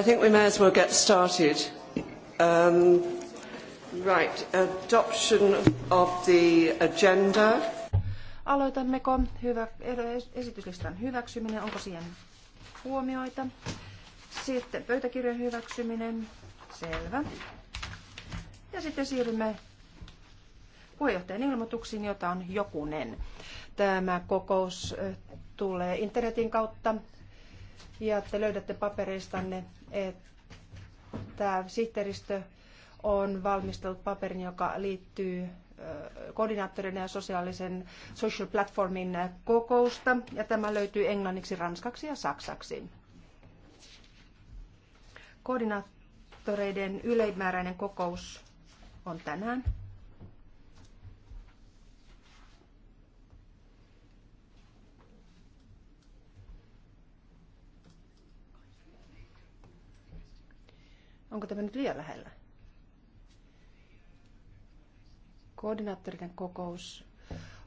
I think we may as well get started. Um, right, adoption of the agenda. Aloitammeko hyvä, eh, esityslistan hyväksyminen? Onko siihen huomioita? Sitten pöytäkirjan hyväksyminen. Selvä. Ja sitten siirrymme puheenjohtajan ilmoituksiin, jota on jokunen. Tämä kokous eh, tulee internetin kautta ja te löydätte paperistanne että sihteeristö on valmistellut paperin, joka liittyy koordinaattorin ja sosiaalisen social platformin kokousta, ja tämä löytyy englanniksi, ranskaksi ja saksaksi. Koordinaattoreiden yleimääräinen kokous on tänään Onko tämä nyt liian lähellä? Koordinaattoriden kokous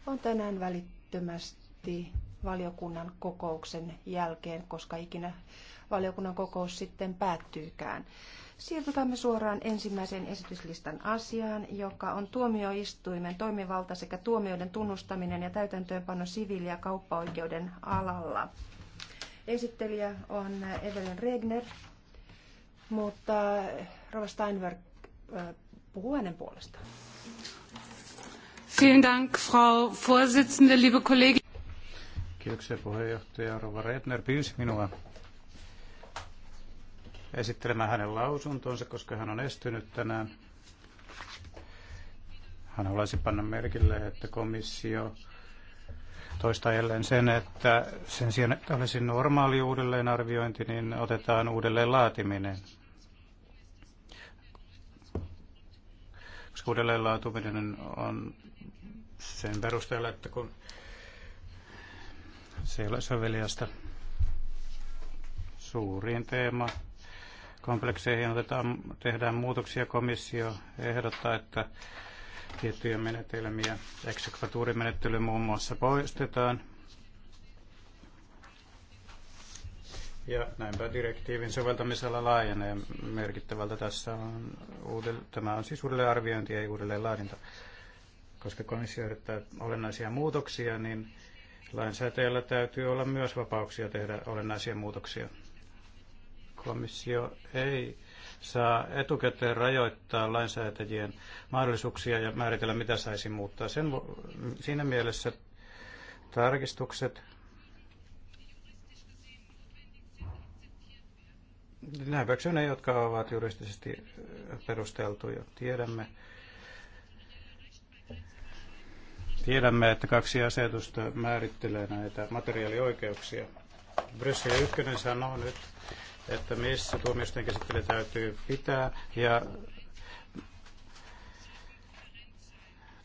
on tänään välittömästi valiokunnan kokouksen jälkeen, koska ikinä valiokunnan kokous sitten päättyykään. Siirrytämme suoraan ensimmäiseen esityslistan asiaan, joka on tuomioistuimen toimivalta sekä tuomioiden tunnustaminen ja täytäntöönpano siviili- ja kauppaoikeuden alalla. Esittelijä on Evelyn Regner mutta eh, Rova Steinberg eh, puhuu hänen puolestaan. Vielen Dank, Frau Vorsitzende, liebe Kollegin. Kiitoksia puheenjohtaja Rova Redner pyysi minua esittelemään hänen lausuntonsa, koska hän on estynyt tänään. Hän haluaisi panna merkille, että komissio toistaa jälleen sen, että sen sijaan, että olisi normaali uudelleenarviointi, niin otetaan uudelleen laatiminen. uudelleenlaatuminen on sen perusteella, että kun se ei ole soveliasta suuriin teema komplekseihin otetaan, tehdään muutoksia. Komissio ehdottaa, että tiettyjä menetelmiä, eksekvatuurimenettely muun muassa poistetaan, Ja näinpä direktiivin soveltamisella laajenee merkittävältä. Tässä on uudelle, tämä on siis uudelleen arviointi ja uudelleen laadinta. Koska komissio yrittää olennaisia muutoksia, niin lainsäätäjällä täytyy olla myös vapauksia tehdä olennaisia muutoksia. Komissio ei saa etukäteen rajoittaa lainsäätäjien mahdollisuuksia ja määritellä, mitä saisi muuttaa. Sen, siinä mielessä tarkistukset Nämä hyväksyy ne, jotka ovat juristisesti perusteltuja. Tiedämme, tiedämme, että kaksi asetusta määrittelee näitä materiaalioikeuksia. Bryssel ykkönen sanoo nyt, että missä tuomioisten käsittely täytyy pitää. Ja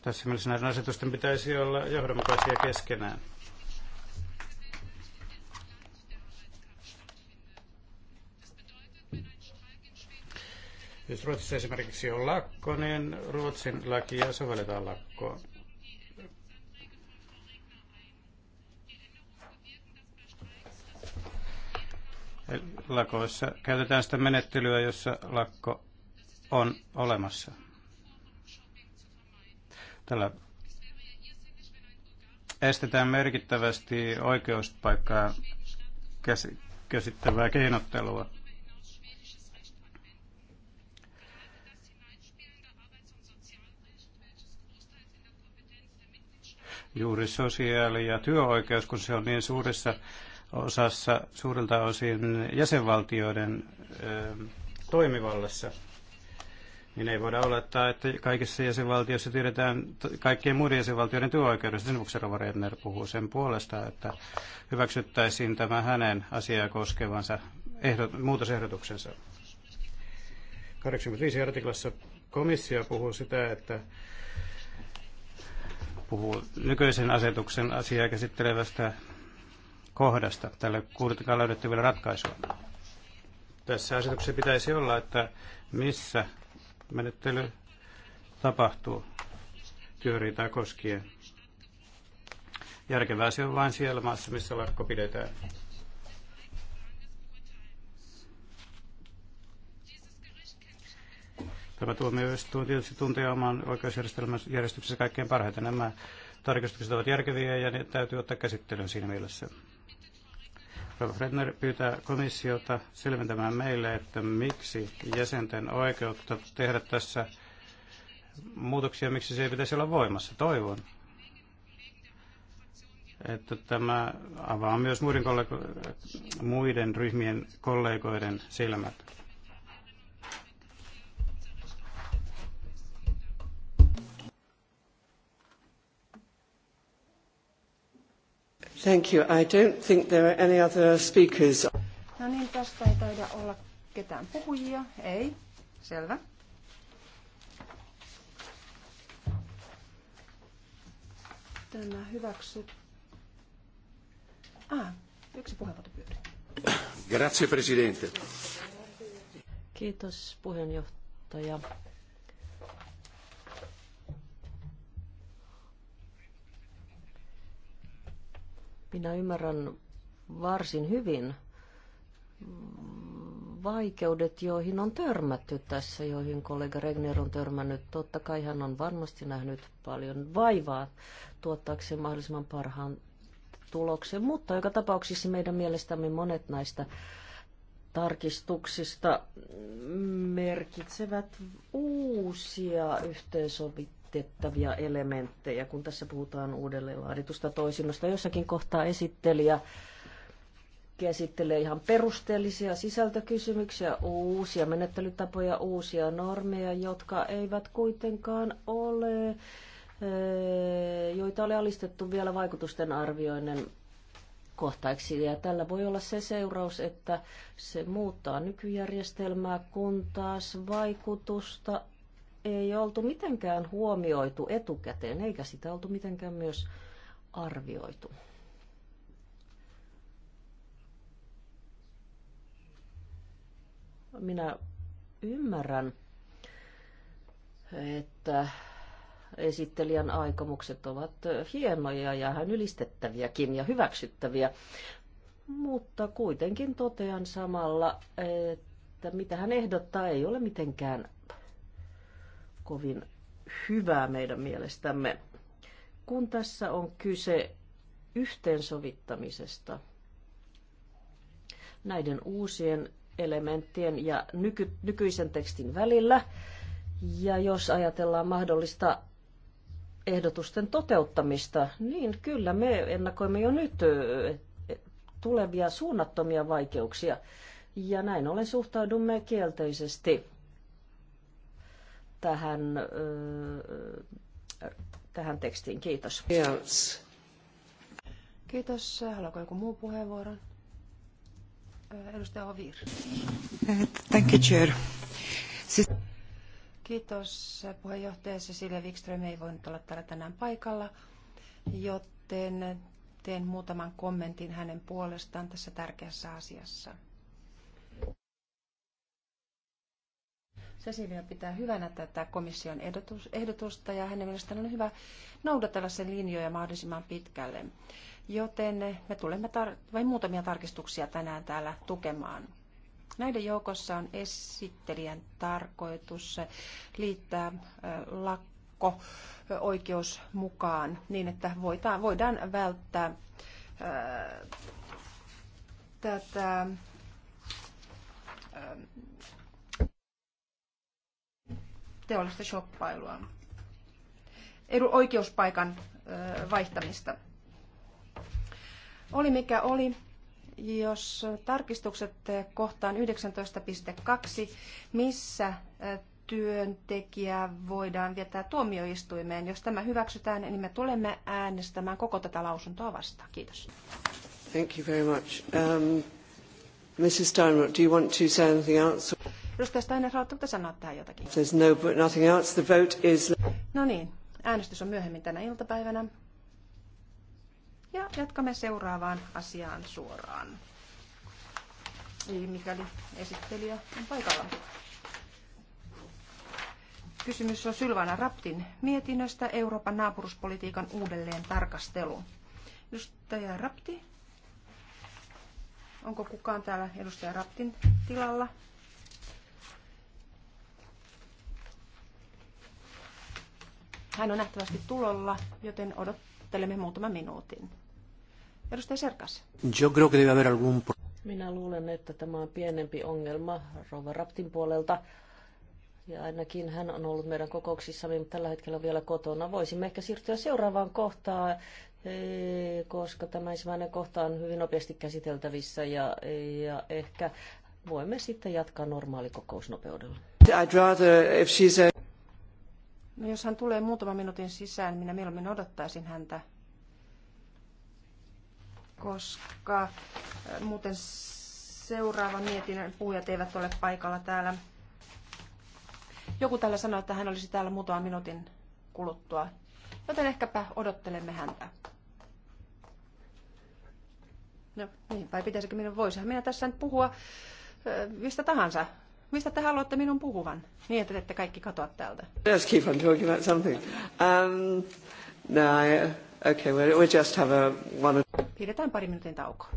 tässä mielessä näiden asetusten pitäisi olla johdonmukaisia keskenään. Jos Ruotsissa esimerkiksi on lakko, niin Ruotsin lakia sovelletaan lakkoon. Lakoissa käytetään sitä menettelyä, jossa lakko on olemassa. Tällä estetään merkittävästi oikeuspaikkaa käsittävää keinottelua. juuri sosiaali- ja työoikeus, kun se on niin suuressa osassa suurelta osin jäsenvaltioiden ö, ähm, toimivallassa, niin ei voida olettaa, että kaikissa jäsenvaltioissa tiedetään kaikkien muiden jäsenvaltioiden työoikeudesta. Sen vuoksi Rova Redner puhuu sen puolesta, että hyväksyttäisiin tämä hänen asiaa koskevansa ehdot, muutosehdotuksensa. 85 artiklassa komissio puhuu sitä, että puhuu nykyisen asetuksen asiaa käsittelevästä kohdasta. Tälle kuitenkaan löydetty vielä ratkaisua. Tässä asetuksessa pitäisi olla, että missä menettely tapahtuu työriitaa koskien. Järkevää se on vain siellä maassa, missä lakko pidetään. Tämä tuomioistuin tietysti tuntee oman järjestyksessä kaikkein parhaiten. Nämä tarkistukset ovat järkeviä ja ne täytyy ottaa käsittelyyn siinä mielessä. Rova Fredner pyytää komissiota selventämään meille, että miksi jäsenten oikeutta tehdä tässä muutoksia, miksi se ei pitäisi olla voimassa. Toivon, että tämä avaa myös muiden, kollego- muiden ryhmien kollegoiden silmät Thank you. I don't think there are any other speakers. No niin, tästä ei taida olla ketään puhujia. Ei. Selvä. Tämä hyväksyt. Ah, yksi puheenvuoropyyntö. Grazie, Presidente. Kiitos, puheenjohtaja. Minä ymmärrän varsin hyvin vaikeudet, joihin on törmätty tässä, joihin kollega Regner on törmännyt. Totta kai hän on varmasti nähnyt paljon vaivaa tuottaakseen mahdollisimman parhaan tuloksen, mutta joka tapauksessa meidän mielestämme monet näistä tarkistuksista merkitsevät uusia yhteensovittuja noudatettavia elementtejä, kun tässä puhutaan uudelleen laaditusta toisinnosta. Jossakin kohtaa esittelijä käsittelee ihan perusteellisia sisältökysymyksiä, uusia menettelytapoja, uusia normeja, jotka eivät kuitenkaan ole, eh, joita oli alistettu vielä vaikutusten arvioinnin kohtaiksi. Ja tällä voi olla se seuraus, että se muuttaa nykyjärjestelmää, kun taas vaikutusta ei oltu mitenkään huomioitu etukäteen, eikä sitä oltu mitenkään myös arvioitu. Minä ymmärrän, että esittelijän aikomukset ovat hienoja ja hän ylistettäviäkin ja hyväksyttäviä, mutta kuitenkin totean samalla, että mitä hän ehdottaa ei ole mitenkään kovin hyvää meidän mielestämme. Kun tässä on kyse yhteensovittamisesta näiden uusien elementtien ja nyky, nykyisen tekstin välillä, ja jos ajatellaan mahdollista ehdotusten toteuttamista, niin kyllä me ennakoimme jo nyt e, tulevia suunnattomia vaikeuksia. Ja näin ollen suhtaudumme kielteisesti tähän, tähän tekstiin. Kiitos. Yes. Kiitos. Haluatko joku muu puheenvuoron? Edustaja Ovir. Thank you, Chair. Kiitos puheenjohtaja Cecilia Wikström ei voinut olla täällä tänään paikalla, joten teen muutaman kommentin hänen puolestaan tässä tärkeässä asiassa. Cecilia pitää hyvänä tätä komission ehdotusta ja hänen mielestään on hyvä noudatella sen linjoja mahdollisimman pitkälle. Joten me tulemme tar- vain muutamia tarkistuksia tänään täällä tukemaan. Näiden joukossa on esittelijän tarkoitus liittää lakko oikeus mukaan niin, että voidaan, voidaan välttää tätä teollista shoppailua, edu, oikeuspaikan vaihtamista. Oli mikä oli, jos tarkistukset kohtaan 19.2, missä työntekijä voidaan vietää tuomioistuimeen. Jos tämä hyväksytään, niin me tulemme äänestämään koko tätä lausuntoa vastaan. Kiitos. Thank you very much. Um, Mrs. Steinmark, do you want to say anything else? Edustaja Steiner, haluatteko sanoa tähän jotakin? There's no, nothing else. The vote is... No niin, äänestys on myöhemmin tänä iltapäivänä. Ja jatkamme seuraavaan asiaan suoraan. Eli mikäli esittelijä on paikalla. Kysymys on Sylvana Raptin mietinnöstä Euroopan naapuruspolitiikan uudelleen tarkastelu. Edustaja Rapti, onko kukaan täällä edustaja Raptin tilalla? Hän on nähtävästi tulolla, joten odottelemme muutaman minuutin. Edustaja Serkas. Yo creo que debe haber algún... Minä luulen, että tämä on pienempi ongelma Rova Raptin puolelta. Ja ainakin hän on ollut meidän kokouksissamme, mutta tällä hetkellä vielä kotona. Voisimme ehkä siirtyä seuraavaan kohtaan, eh, koska tämä ensimmäinen kohta on hyvin nopeasti käsiteltävissä ja, ja ehkä voimme sitten jatkaa kokousnopeudella. I'd rather, if she's a... No jos hän tulee muutaman minuutin sisään, minä mieluummin odottaisin häntä, koska äh, muuten seuraavan mietinnän puhujat eivät ole paikalla täällä. Joku täällä sanoi, että hän olisi täällä muutaman minuutin kuluttua, joten ehkäpä odottelemme häntä. No niin, vai pitäisikö minun? voisihan minä tässä nyt puhua äh, mistä tahansa, Mistä te haluatte minun puhuvan? Niin, että ette kaikki katoa täältä. Let's keep on talking about something. Um, no, okay, we'll, we'll just have a one... Pidetään pari minuutin taukoa.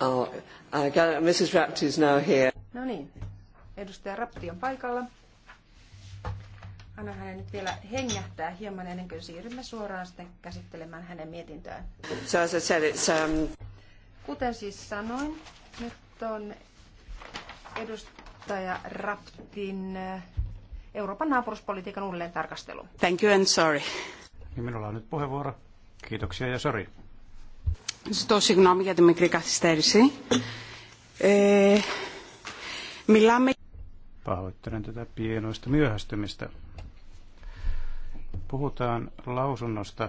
Oh, Mrs. Rapti is now here. No niin, edustaja Rapti on paikalla. Anna hänen nyt vielä hengähtää hieman ennen kuin siirrymme suoraan sitten käsittelemään hänen mietintöään. So as I said, it's, um... Kuten siis sanoin, nyt on edustaja Raptin eh, Euroopan naapuruspolitiikan uudelleen tarkastelu. Thank you and sorry. Ja niin minulla on nyt puheenvuoro. Kiitoksia ja sorry. Ζητώ συγγνώμη για τη μικρή καθυστέρηση. Ε, μιλάμε... Pahoittelen tätä pienoista myöhästymistä. Puhutaan lausunnosta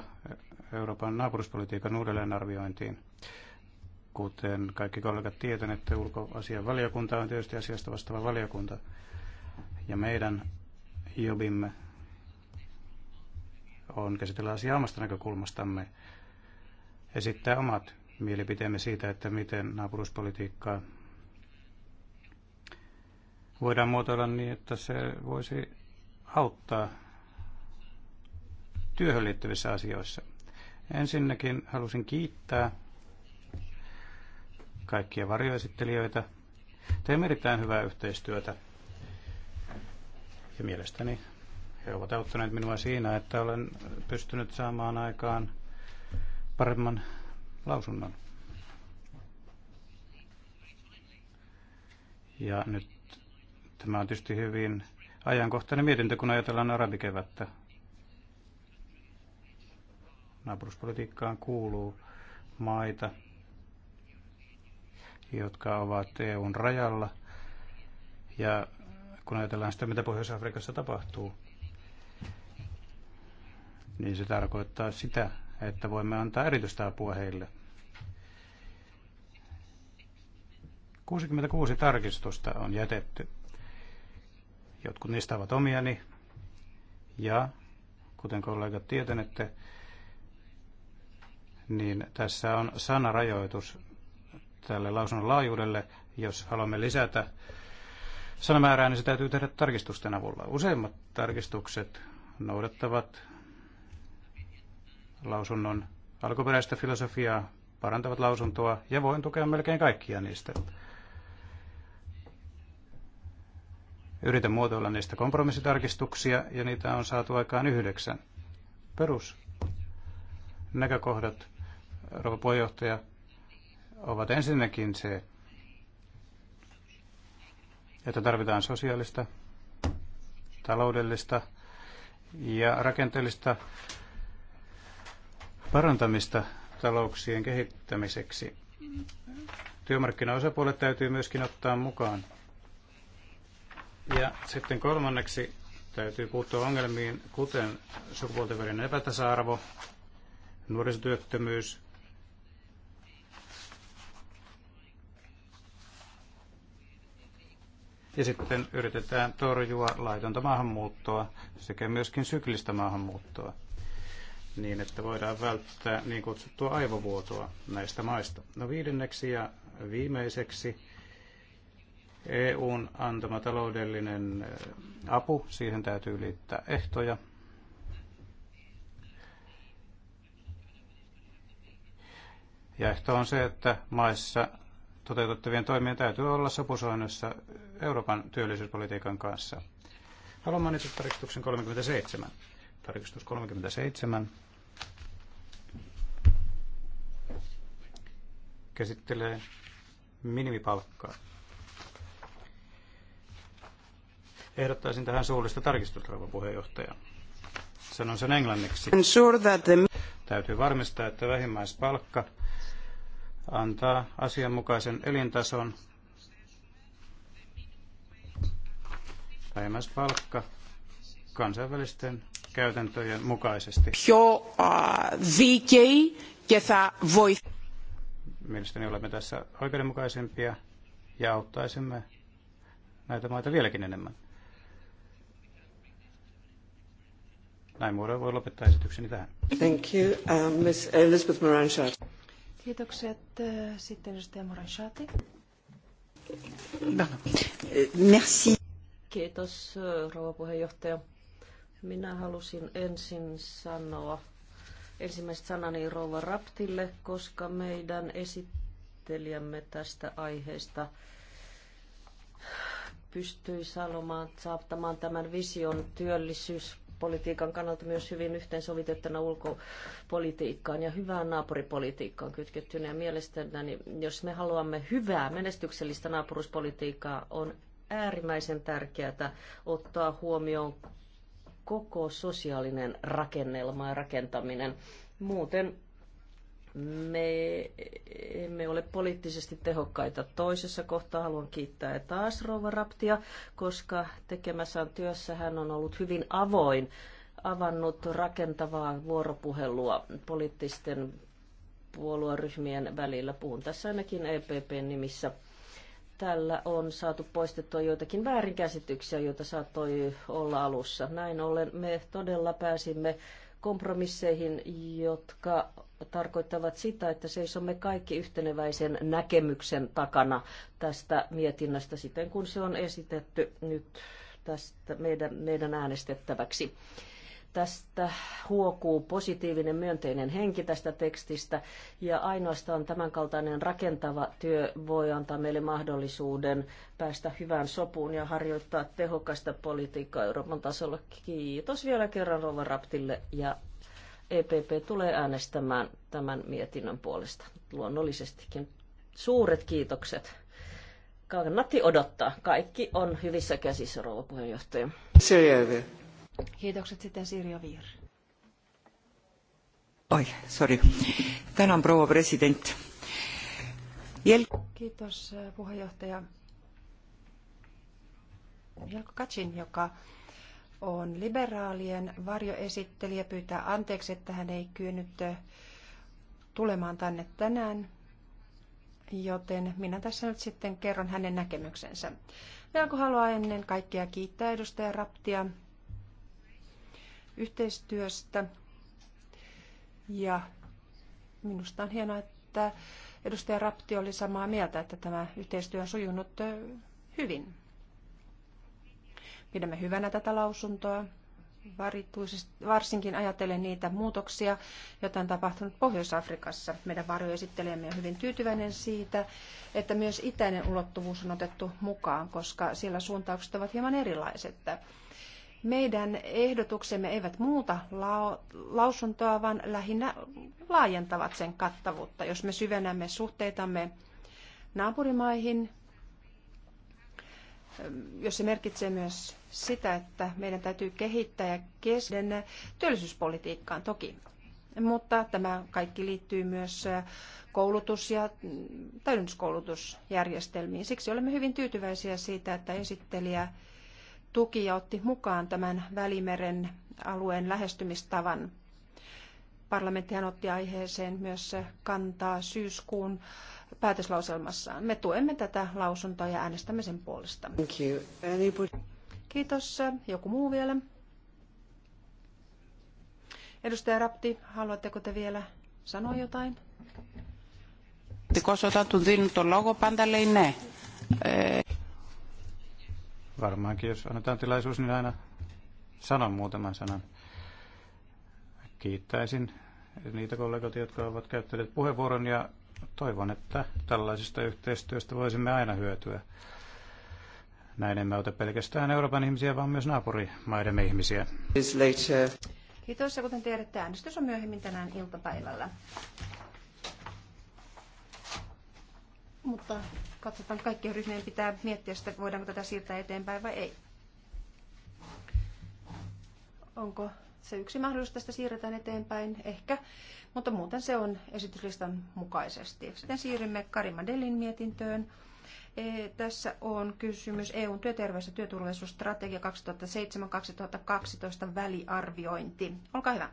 Euroopan naapuruspolitiikan uudelleenarviointiin. Kuten kaikki kollegat tietävät, että ulkoasian valiokunta on tietysti asiasta vastaava valiokunta. Ja meidän jobimme on käsitellä asiaa omasta näkökulmastamme esittää omat mielipiteemme siitä, että miten naapuruspolitiikkaa voidaan muotoilla niin, että se voisi auttaa työhön liittyvissä asioissa. Ensinnäkin halusin kiittää kaikkia varjoesittelijöitä. Teemme erittäin hyvää yhteistyötä ja mielestäni he ovat auttaneet minua siinä, että olen pystynyt saamaan aikaan paremman lausunnon. Ja nyt tämä on tietysti hyvin ajankohtainen mietintö, kun ajatellaan arabikevättä. Naapuruspolitiikkaan kuuluu maita, jotka ovat EUn rajalla. Ja kun ajatellaan sitä, mitä Pohjois-Afrikassa tapahtuu, niin se tarkoittaa sitä, että voimme antaa erityistä apua heille. 66 tarkistusta on jätetty. Jotkut niistä ovat omiani. Ja kuten kollegat tietänette, niin tässä on sanarajoitus tälle lausunnon laajuudelle. Jos haluamme lisätä sanamäärää, niin se täytyy tehdä tarkistusten avulla. Useimmat tarkistukset noudattavat lausunnon alkuperäistä filosofiaa, parantavat lausuntoa ja voin tukea melkein kaikkia niistä. Yritän muotoilla niistä kompromissitarkistuksia ja niitä on saatu aikaan yhdeksän. Perus näkökohdat, rouva puheenjohtaja, ovat ensinnäkin se, että tarvitaan sosiaalista, taloudellista ja rakenteellista parantamista talouksien kehittämiseksi. Työmarkkinaosapuolet täytyy myöskin ottaa mukaan. Ja sitten kolmanneksi täytyy puuttua ongelmiin, kuten sukupuolten välinen epätasa-arvo, nuorisotyöttömyys, Ja sitten yritetään torjua laitonta maahanmuuttoa sekä myöskin syklistä maahanmuuttoa niin, että voidaan välttää niin kutsuttua aivovuotoa näistä maista. No viidenneksi ja viimeiseksi EUn antama taloudellinen eh, apu, siihen täytyy liittää ehtoja. Ja ehto on se, että maissa toteutettavien toimien täytyy olla sopusoinnussa Euroopan työllisyyspolitiikan kanssa. Haluan mainita tarkistuksen 37. Tarkistus 37 käsittelee minimipalkkaa. Ehdottaisin tähän suullista tarkistusta, rouva puheenjohtaja. Sanon sen englanniksi. Täytyy varmistaa, että vähimmäispalkka antaa asianmukaisen elintason. Vähimmäispalkka kansainvälisten käytäntöjen mukaisesti. Πιο uh, και Mielestäni olemme tässä oikeudenmukaisempia ja auttaisimme näitä maita vieläkin enemmän. Näin muodoin voi lopettaa esitykseni tähän. Thank you, uh, Miss Elizabeth Moranchard. Kiitokset. Uh, sitten edustaja Moranchati. Euh, merci. Kiitos, uh, rouva puheenjohtaja. Minä halusin ensin sanoa Ensimmäistä sanani Rouva Raptille, koska meidän esittelijämme tästä aiheesta pystyi sanomaan, saattamaan tämän vision työllisyyspolitiikan kannalta myös hyvin yhteensovitettuna ulkopolitiikkaan ja hyvään naapuripolitiikkaan kytkettynä. Ja mielestäni, jos me haluamme hyvää, menestyksellistä naapuruspolitiikkaa, on äärimmäisen tärkeää ottaa huomioon koko sosiaalinen rakennelma ja rakentaminen. Muuten me emme ole poliittisesti tehokkaita. Toisessa kohtaa haluan kiittää taas Rouva Raptia, koska tekemässään työssä hän on ollut hyvin avoin, avannut rakentavaa vuoropuhelua poliittisten puolueryhmien välillä. Puhun tässä ainakin EPP nimissä tällä on saatu poistettua joitakin väärinkäsityksiä, joita saattoi olla alussa. Näin ollen me todella pääsimme kompromisseihin, jotka tarkoittavat sitä, että seisomme kaikki yhteneväisen näkemyksen takana tästä mietinnästä, siten, kun se on esitetty nyt tästä meidän, meidän äänestettäväksi. Tästä huokuu positiivinen myönteinen henki tästä tekstistä ja ainoastaan tämänkaltainen rakentava työ voi antaa meille mahdollisuuden päästä hyvään sopuun ja harjoittaa tehokasta politiikkaa Euroopan tasolla. Kiitos vielä kerran Rova Raptille ja EPP tulee äänestämään tämän mietinnön puolesta luonnollisestikin. Suuret kiitokset. Kannatti odottaa. Kaikki on hyvissä käsissä, rouva puheenjohtaja. Se Kiitokset sitten Sirja Viir. Oi, sorry. Tänään proua president. Jel- Kiitos äh, puheenjohtaja. Jelko Kacin, joka on liberaalien varjoesittelijä, pyytää anteeksi, että hän ei kyennyt äh, tulemaan tänne tänään, joten minä tässä nyt sitten kerron hänen näkemyksensä. Jelko haluaa ennen kaikkea kiittää edustaja Raptia yhteistyöstä. Ja minusta on hienoa, että edustaja Rapti oli samaa mieltä, että tämä yhteistyö on sujunut hyvin. Pidämme hyvänä tätä lausuntoa, varsinkin ajatellen niitä muutoksia, joita on tapahtunut Pohjois-Afrikassa. Meidän varjoesittelijämme on hyvin tyytyväinen siitä, että myös itäinen ulottuvuus on otettu mukaan, koska siellä suuntaukset ovat hieman erilaiset. Meidän ehdotuksemme eivät muuta lausuntoa, vaan lähinnä laajentavat sen kattavuutta. Jos me syvennämme suhteitamme naapurimaihin, jos se merkitsee myös sitä, että meidän täytyy kehittää ja kesken työllisyyspolitiikkaan toki. Mutta tämä kaikki liittyy myös koulutus- ja täydennyskoulutusjärjestelmiin. Siksi olemme hyvin tyytyväisiä siitä, että esittelijä tuki ja otti mukaan tämän Välimeren alueen lähestymistavan. Parlamenttihan otti aiheeseen myös kantaa syyskuun päätöslauselmassaan. Me tuemme tätä lausuntoa ja äänestämme sen puolesta. Thank you. Anybody? Kiitos. Joku muu vielä? Edustaja Rapti, haluatteko te vielä sanoa jotain? Δικός όταν του δίνουν Varmaankin, jos annetaan tilaisuus, niin aina sanon muutaman sanan. Kiittäisin niitä kollegoita, jotka ovat käyttäneet puheenvuoron ja toivon, että tällaisesta yhteistyöstä voisimme aina hyötyä. Näin emme ota pelkästään Euroopan ihmisiä, vaan myös naapurimaidemme ihmisiä. Kiitos ja kuten tiedätte, äänestys on myöhemmin tänään iltapäivällä. Mutta katsotaan, kaikkien ryhmien pitää miettiä sitä, voidaanko tätä siirtää eteenpäin vai ei. Onko se yksi mahdollisuus, tästä siirretään eteenpäin? Ehkä, mutta muuten se on esityslistan mukaisesti. Sitten siirrymme Karimadelin mietintöön. E, tässä on kysymys EUn työterveys- ja työturvallisuusstrategia 2007-2012 väliarviointi. Olkaa hyvä.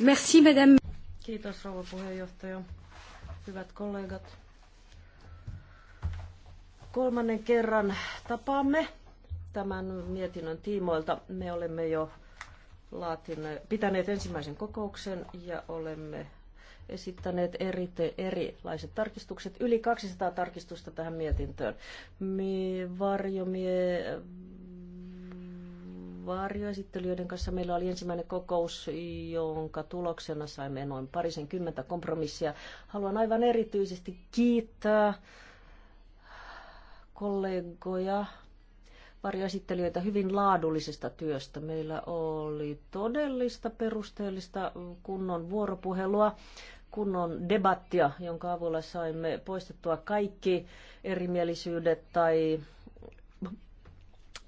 Merci, madame. Kiitos rouva puheenjohtaja. Hyvät kollegat. Kolmannen kerran tapaamme tämän mietinnön tiimoilta. Me olemme jo laatine, pitäneet ensimmäisen kokouksen ja olemme esittäneet eri te, erilaiset tarkistukset, yli 200 tarkistusta tähän mietintöön. Mi, varjomie, varjoesittelijöiden kanssa meillä oli ensimmäinen kokous, jonka tuloksena saimme noin parisen kymmentä kompromissia. Haluan aivan erityisesti kiittää kollegoja, varjoesittelijöitä hyvin laadullisesta työstä. Meillä oli todellista perusteellista kunnon vuoropuhelua, kunnon debattia, jonka avulla saimme poistettua kaikki erimielisyydet tai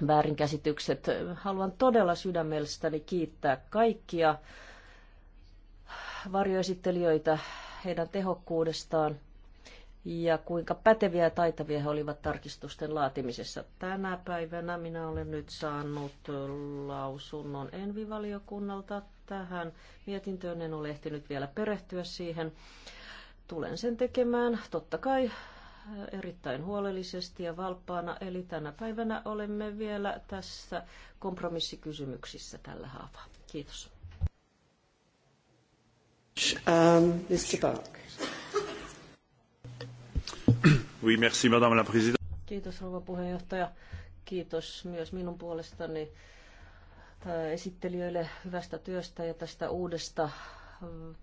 väärinkäsitykset. Haluan todella sydämellistäni kiittää kaikkia varjoesittelijöitä heidän tehokkuudestaan ja kuinka päteviä ja taitavia he olivat tarkistusten laatimisessa. Tänä päivänä minä olen nyt saanut lausunnon Envivaliokunnalta tähän mietintöön. En ole ehtinyt vielä perehtyä siihen. Tulen sen tekemään totta kai erittäin huolellisesti ja valppaana, eli tänä päivänä olemme vielä tässä kompromissikysymyksissä tällä haavaa. Kiitos. Um, Mr. Park. Oui, merci, Madame la Présidente. Kiitos rouva puheenjohtaja. Kiitos myös minun puolestani äh, esittelijöille hyvästä työstä ja tästä uudesta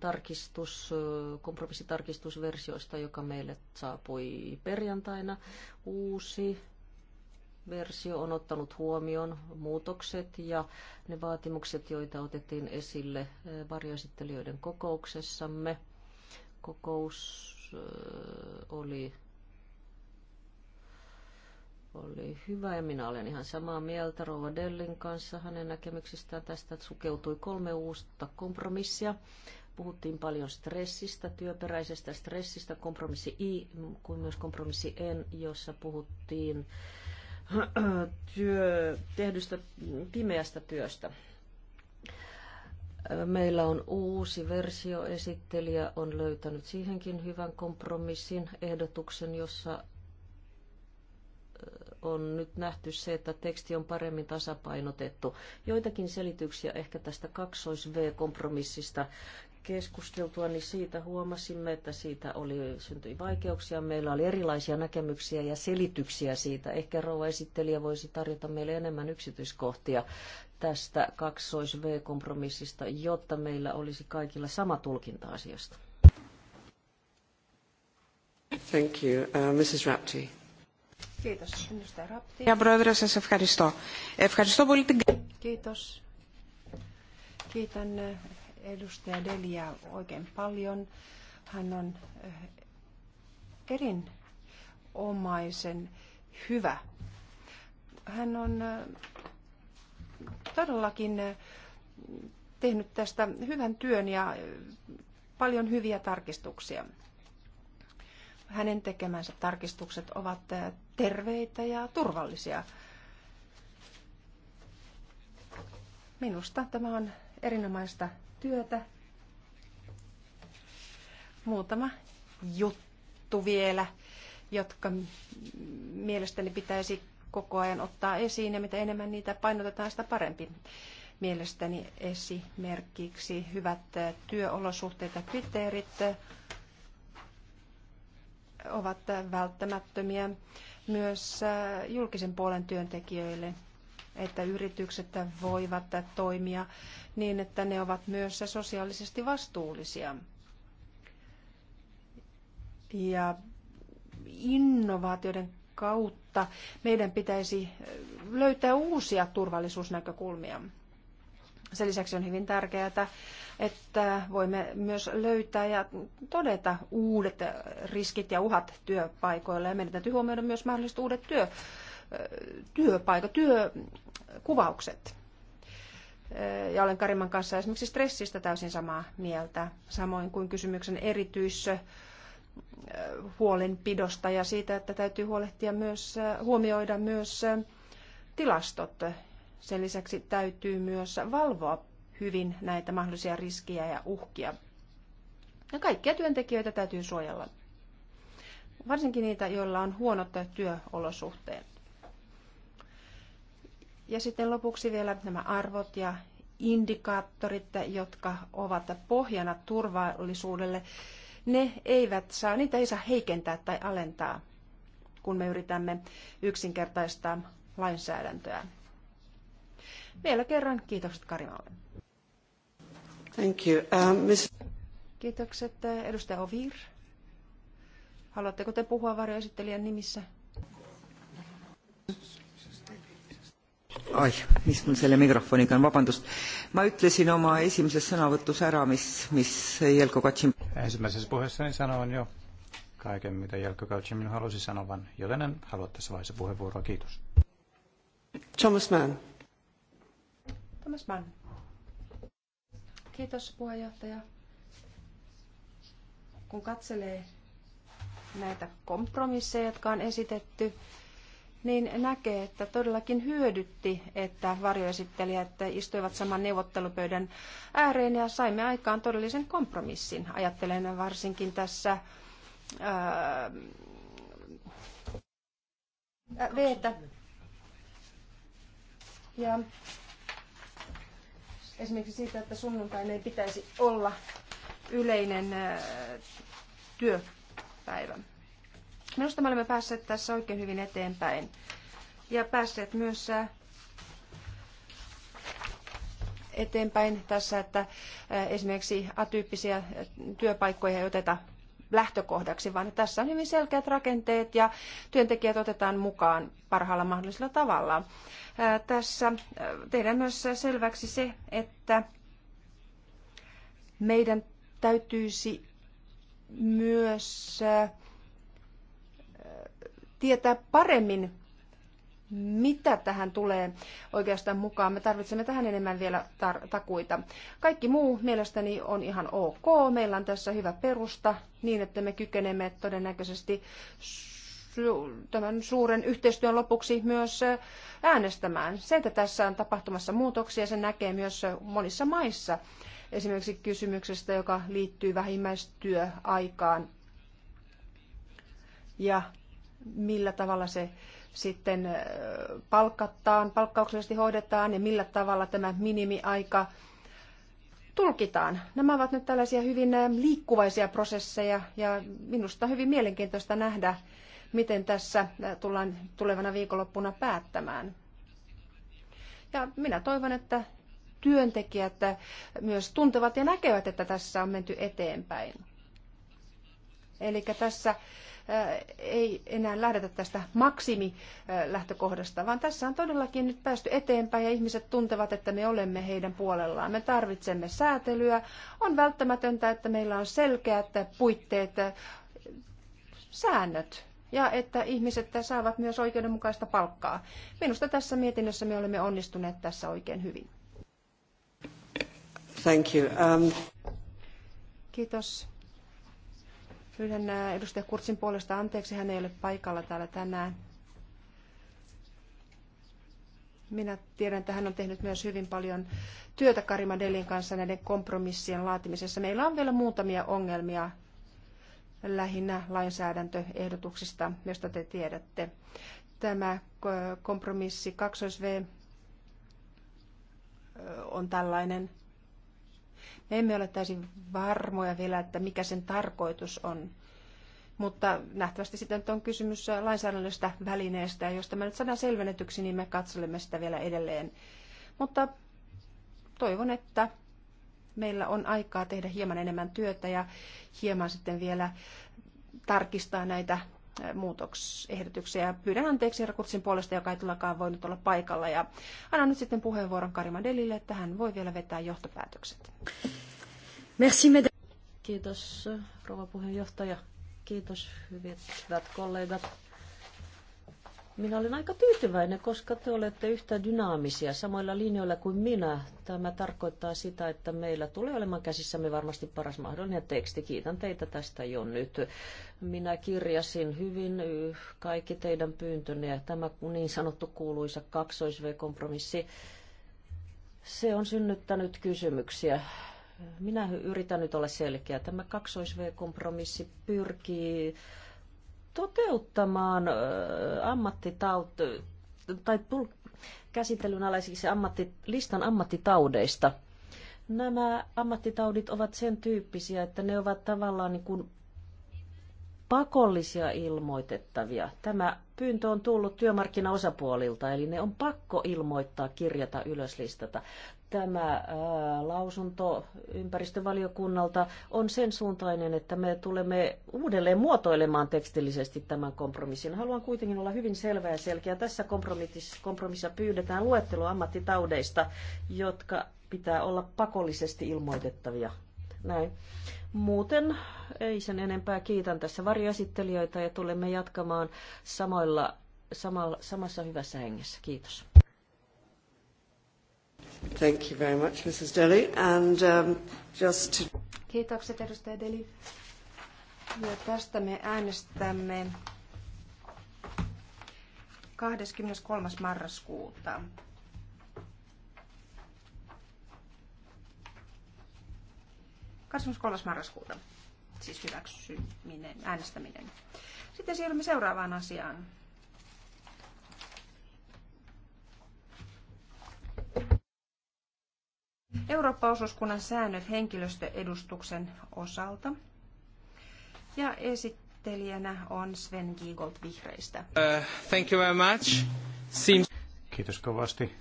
tarkistus, kompromissitarkistusversioista, joka meille saapui perjantaina. Uusi versio on ottanut huomioon muutokset ja ne vaatimukset, joita otettiin esille eh, varjoesittelijöiden kokouksessamme. Kokous eh, oli oli hyvä ja minä olen ihan samaa mieltä Rova Dellin kanssa hänen näkemyksistään tästä. Sukeutui kolme uutta kompromissia. Puhuttiin paljon stressistä, työperäisestä stressistä, kompromissi I kuin myös kompromissi N, jossa puhuttiin työ, tehdystä pimeästä työstä. Meillä on uusi versio. Esittelijä on löytänyt siihenkin hyvän kompromissin ehdotuksen, jossa on nyt nähty se, että teksti on paremmin tasapainotettu. Joitakin selityksiä ehkä tästä kaksois-V-kompromissista keskusteltua, niin siitä huomasimme, että siitä oli, syntyi vaikeuksia. Meillä oli erilaisia näkemyksiä ja selityksiä siitä. Ehkä rouva esittelijä voisi tarjota meille enemmän yksityiskohtia tästä kaksois-V-kompromissista, jotta meillä olisi kaikilla sama tulkinta asiasta. Thank you. Uh, Mrs. Rapti. Kiitos. Edustaja Rapti. Ja Πρόεδρε, σας ευχαριστώ. Ευχαριστώ πολύ την... Kiitos. Kiitän edustaja Delia oikein paljon. Hän on erinomaisen hyvä. Hän on todellakin tehnyt tästä hyvän työn ja paljon hyviä tarkistuksia hänen tekemänsä tarkistukset ovat eh, terveitä ja turvallisia. Minusta tämä on erinomaista työtä. Muutama juttu vielä, jotka mielestäni pitäisi koko ajan ottaa esiin ja mitä enemmän niitä painotetaan, sitä parempi. Mielestäni esimerkiksi hyvät eh, työolosuhteet ja kriteerit eh, ovat välttämättömiä myös äh, julkisen puolen työntekijöille, että yritykset voivat toimia niin, että ne ovat myös sosiaalisesti vastuullisia. Ja innovaatioiden kautta meidän pitäisi äh, löytää uusia turvallisuusnäkökulmia. Sen lisäksi on hyvin tärkeää, että voimme myös löytää ja todeta uudet riskit ja uhat työpaikoilla. Ja meidän täytyy huomioida myös mahdolliset uudet työ, työpaikat, työkuvaukset. Ja olen Kariman kanssa esimerkiksi stressistä täysin samaa mieltä, samoin kuin kysymyksen erityis huolenpidosta ja siitä, että täytyy huolehtia myös, huomioida myös tilastot sen lisäksi täytyy myös valvoa hyvin näitä mahdollisia riskejä ja uhkia. Ja kaikkia työntekijöitä täytyy suojella, varsinkin niitä, joilla on huonot työolosuhteet. Ja sitten lopuksi vielä nämä arvot ja indikaattorit, jotka ovat pohjana turvallisuudelle. Ne eivät saa, niitä ei saa heikentää tai alentaa, kun me yritämme yksinkertaistaa lainsäädäntöä. Vielä kerran kiitokset Karimalle. Thank you. Uh, miss... Kiitokset. Uh, edustaja Ovir. Haluatteko te puhua varjoesittelijän nimissä? Ai, mis mul selle mikrofoniga on, vabandust. Ma ütlesin oma esimeses sõnavõtus ära, mis, mis Jelko Katsin... Ensimmäisessä puheessani sanoin jo kaiken, mitä Jelko Katsin halusi sanovan, joten en halua tässä vaiheessa puheenvuoroa. Kiitos. Thomas Mann. Thomas Mann. Kiitos puheenjohtaja. Kun katselee näitä kompromisseja, jotka on esitetty, niin näkee, että todellakin hyödytti, että varjoesittelijät istuivat saman neuvottelupöydän ääreen ja saimme aikaan todellisen kompromissin. Ajattelen varsinkin tässä ää, Veetä. Ja esimerkiksi siitä, että sunnuntaina ei pitäisi olla yleinen työpäivä. Minusta me olemme päässeet tässä oikein hyvin eteenpäin ja päässeet myös eteenpäin tässä, että esimerkiksi atyyppisiä työpaikkoja ei oteta lähtökohdaksi, vaan tässä on hyvin selkeät rakenteet ja työntekijät otetaan mukaan parhaalla mahdollisella tavalla. Tässä tehdään myös selväksi se, että meidän täytyisi myös tietää paremmin mitä tähän tulee oikeastaan mukaan. Me tarvitsemme tähän enemmän vielä takuita. Kaikki muu mielestäni on ihan ok. Meillä on tässä hyvä perusta niin, että me kykenemme todennäköisesti tämän suuren yhteistyön lopuksi myös äänestämään. Se, että tässä on tapahtumassa muutoksia, se näkee myös monissa maissa. Esimerkiksi kysymyksestä, joka liittyy vähimmäistyöaikaan ja millä tavalla se sitten palkataan, palkkauksellisesti hoidetaan ja millä tavalla tämä minimiaika tulkitaan. Nämä ovat nyt tällaisia hyvin liikkuvaisia prosesseja ja minusta on hyvin mielenkiintoista nähdä, miten tässä tullaan tulevana viikonloppuna päättämään. Ja minä toivon, että työntekijät myös tuntevat ja näkevät, että tässä on menty eteenpäin. Eli tässä Äh, ei enää lähdetä tästä maksimilähtökohdasta, äh, vaan tässä on todellakin nyt päästy eteenpäin ja ihmiset tuntevat, että me olemme heidän puolellaan. Me tarvitsemme säätelyä. On välttämätöntä, että meillä on selkeät puitteet, äh, säännöt ja että ihmiset saavat myös oikeudenmukaista palkkaa. Minusta tässä mietinnössä me olemme onnistuneet tässä oikein hyvin. Thank you. Um... Kiitos. Pyydän edustaja Kurtsin puolesta anteeksi, hän ei ole paikalla täällä tänään. Minä tiedän, että hän on tehnyt myös hyvin paljon työtä Karima Delin kanssa näiden kompromissien laatimisessa. Meillä on vielä muutamia ongelmia lähinnä lainsäädäntöehdotuksista, josta te tiedätte. Tämä kompromissi 2V on tällainen me emme ole täysin varmoja vielä, että mikä sen tarkoitus on. Mutta nähtävästi sitten on kysymys lainsäädännöstä välineestä, ja jos tämä nyt saadaan selvennetyksi, niin me katselemme sitä vielä edelleen. Mutta toivon, että meillä on aikaa tehdä hieman enemmän työtä ja hieman sitten vielä tarkistaa näitä muutoksehdotuksia. Pyydän anteeksi herra Kurtsin puolesta, joka ei todellakaan voinut olla paikalla. Ja annan nyt sitten puheenvuoron Karima Delille, että hän voi vielä vetää johtopäätökset. Merci, Kiitos rouva puheenjohtaja. Kiitos hyvät kollegat minä olen aika tyytyväinen, koska te olette yhtä dynaamisia samoilla linjoilla kuin minä. Tämä tarkoittaa sitä, että meillä tulee olemaan käsissämme varmasti paras mahdollinen teksti. Kiitän teitä tästä jo nyt. Minä kirjasin hyvin kaikki teidän pyyntönne ja tämä niin sanottu kuuluisa kaksoisv-kompromissi, se on synnyttänyt kysymyksiä. Minä yritän nyt olla selkeä. Tämä kaksoisv-kompromissi pyrkii toteuttamaan ammattitaut tai käsittelyn alaisiksi ammatti, listan ammattitaudeista. Nämä ammattitaudit ovat sen tyyppisiä, että ne ovat tavallaan niin kuin pakollisia ilmoitettavia. Tämä pyyntö on tullut työmarkkinaosapuolilta, eli ne on pakko ilmoittaa, kirjata ylöslistata tämä lausunto ympäristövaliokunnalta on sen suuntainen, että me tulemme uudelleen muotoilemaan tekstillisesti tämän kompromissin. Haluan kuitenkin olla hyvin selvä ja selkeä. Tässä kompromississa pyydetään luettelo ammattitaudeista, jotka pitää olla pakollisesti ilmoitettavia. Näin. Muuten ei sen enempää. Kiitän tässä varjoesittelijöitä ja tulemme jatkamaan samoilla, samalla, samassa hyvässä hengessä. Kiitos. Thank you very much, Mrs. Deli. And um, just to... Kiitokset, edustaja Deli. Ja tästä me äänestämme 23. marraskuuta. kolmas marraskuuta, siis hyväksyminen, äänestäminen. Sitten siirrymme seuraavaan asiaan. Eurooppa-osuuskunnan säännöt henkilöstöedustuksen osalta. Ja esittelijänä on Sven Giegold vihreistä. Uh, thank you very much. Seems... Kiitos kovasti.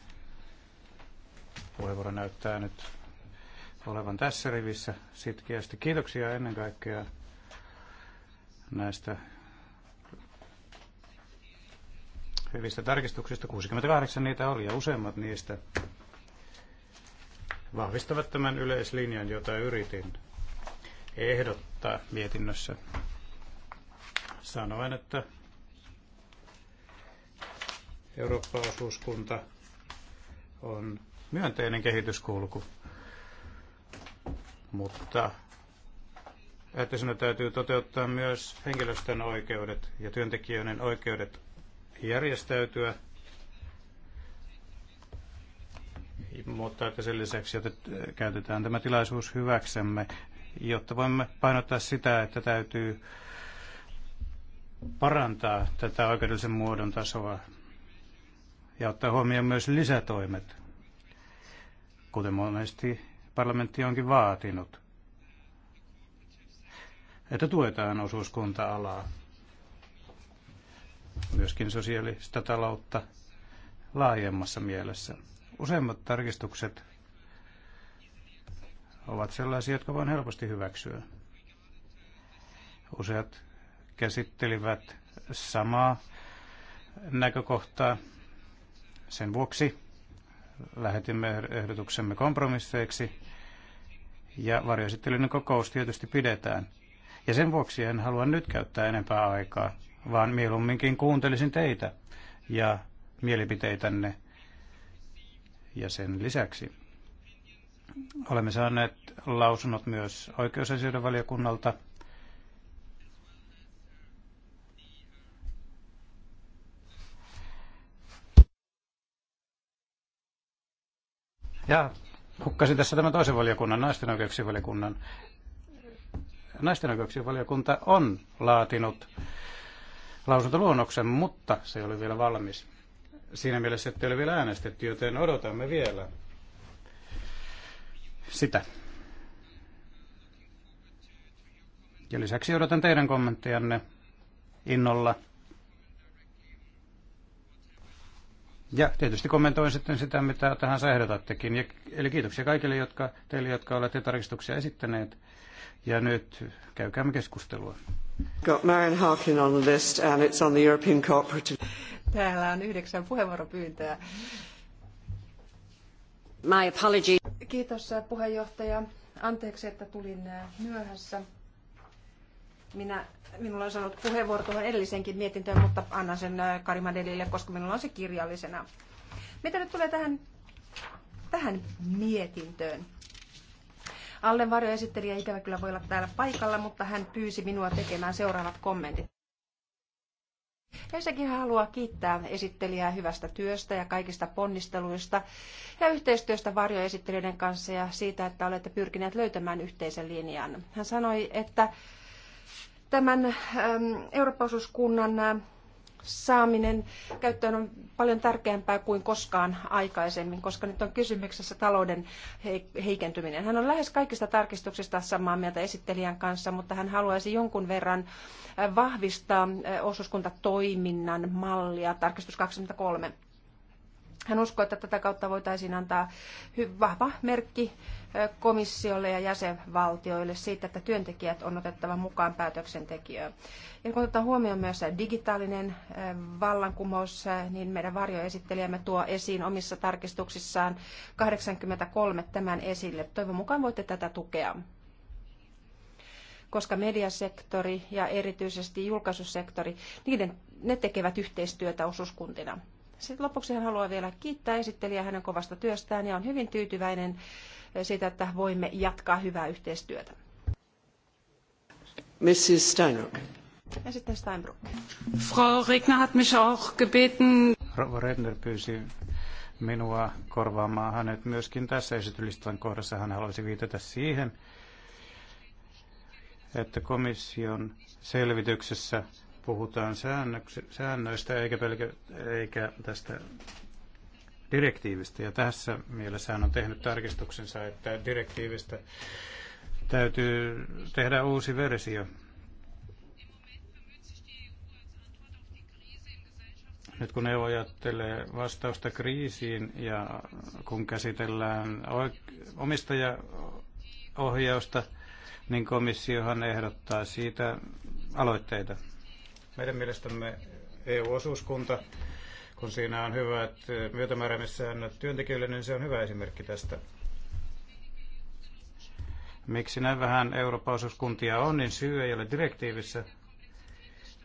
Puheenvuoro näyttää nyt olevan tässä rivissä sitkeästi. Kiitoksia ennen kaikkea näistä hyvistä tarkistuksista. 68 niitä oli ja useimmat niistä vahvistavat tämän yleislinjan, jota yritin ehdottaa mietinnössä. sanoen, että Eurooppa-osuuskunta on myönteinen kehityskulku, mutta että sinne täytyy toteuttaa myös henkilöstön oikeudet ja työntekijöiden oikeudet järjestäytyä mutta että sen lisäksi että käytetään tämä tilaisuus hyväksemme, jotta voimme painottaa sitä, että täytyy parantaa tätä oikeudellisen muodon tasoa ja ottaa huomioon myös lisätoimet, kuten monesti parlamentti onkin vaatinut, että tuetaan osuuskunta-alaa, myöskin sosiaalista taloutta laajemmassa mielessä. Useimmat tarkistukset ovat sellaisia, jotka voin helposti hyväksyä. Useat käsittelivät samaa näkökohtaa. Sen vuoksi lähetimme ehdotuksemme kompromisseiksi ja varjoesittelyn kokous tietysti pidetään. Ja sen vuoksi en halua nyt käyttää enempää aikaa, vaan mieluumminkin kuuntelisin teitä ja mielipiteitänne ja sen lisäksi olemme saaneet lausunnot myös oikeusasioiden valiokunnalta Ja hukkasin tässä tämän toisen valiokunnan, naisten oikeuksien valiokunnan. Naisten oikeuksien valiokunta on laatinut lausuntoluonnoksen, mutta se ei ole vielä valmis siinä mielessä, että ei ole vielä äänestetty, joten odotamme vielä sitä. Ja lisäksi odotan teidän kommenttejanne innolla. Ja tietysti kommentoin sitten sitä, mitä tahansa ehdotattekin. Ja, eli kiitoksia kaikille jotka, teille, jotka olette tarkistuksia esittäneet. Ja nyt käykäämme keskustelua. Got Marian Harkin on the list and it's on the European Cooperative. Täällä on yhdeksän puheenvuoropyyntöä. My apology. Kiitos puheenjohtaja. Anteeksi, että tulin myöhässä. Minä, minulla on sanonut puheenvuoro tuohon edellisenkin mietintöön, mutta annan sen Karimadelille, koska minulla on se kirjallisena. Mitä nyt tulee tähän, tähän mietintöön? Allen varjoesittelijä ikävä kyllä voi olla täällä paikalla, mutta hän pyysi minua tekemään seuraavat kommentit. Ensinnäkin haluan kiittää esittelijää hyvästä työstä ja kaikista ponnisteluista ja yhteistyöstä varjoesittelijöiden kanssa ja siitä, että olette pyrkineet löytämään yhteisen linjan. Hän sanoi, että tämän Eurooppa-osuuskunnan saaminen käyttöön on paljon tärkeämpää kuin koskaan aikaisemmin, koska nyt on kysymyksessä talouden heikentyminen. Hän on lähes kaikista tarkistuksista samaa mieltä esittelijän kanssa, mutta hän haluaisi jonkun verran äh, vahvistaa äh, osuuskuntatoiminnan mallia, tarkistus 23. Hän uskoo, että tätä kautta voitaisiin antaa vahva merkki komissiolle ja jäsenvaltioille siitä, että työntekijät on otettava mukaan päätöksentekijöön. Ja kun otetaan huomioon myös digitaalinen vallankumous, niin meidän varjoesittelijämme tuo esiin omissa tarkistuksissaan 83 tämän esille. Toivon mukaan voitte tätä tukea koska mediasektori ja erityisesti julkaisusektori, niiden, ne tekevät yhteistyötä osuuskuntina. Sitten lopuksi hän haluaa vielä kiittää esittelijää hänen kovasta työstään ja on hyvin tyytyväinen siitä, että voimme jatkaa hyvää yhteistyötä. Mrs. Ja sitten Steinbrück. Frau Regner hat mich auch gebeten. Frau Regner pyysi minua korvaamaan hänet myöskin tässä esitylistan kohdassa. Hän haluaisi viitata siihen, että komission selvityksessä puhutaan säännöistä eikä, pelkä, eikä tästä direktiivistä. Ja tässä mielessä hän on tehnyt tarkistuksensa, että direktiivistä täytyy tehdä uusi versio. Nyt kun EU ajattelee vastausta kriisiin ja kun käsitellään omistajaohjausta, niin komissiohan ehdottaa siitä aloitteita. Meidän mielestämme EU-osuuskunta kun siinä on hyvät myötämääräämissäännöt työntekijöille, niin se on hyvä esimerkki tästä. Miksi näin vähän Euroopan osuuskuntia on, niin syy ei ole direktiivissä,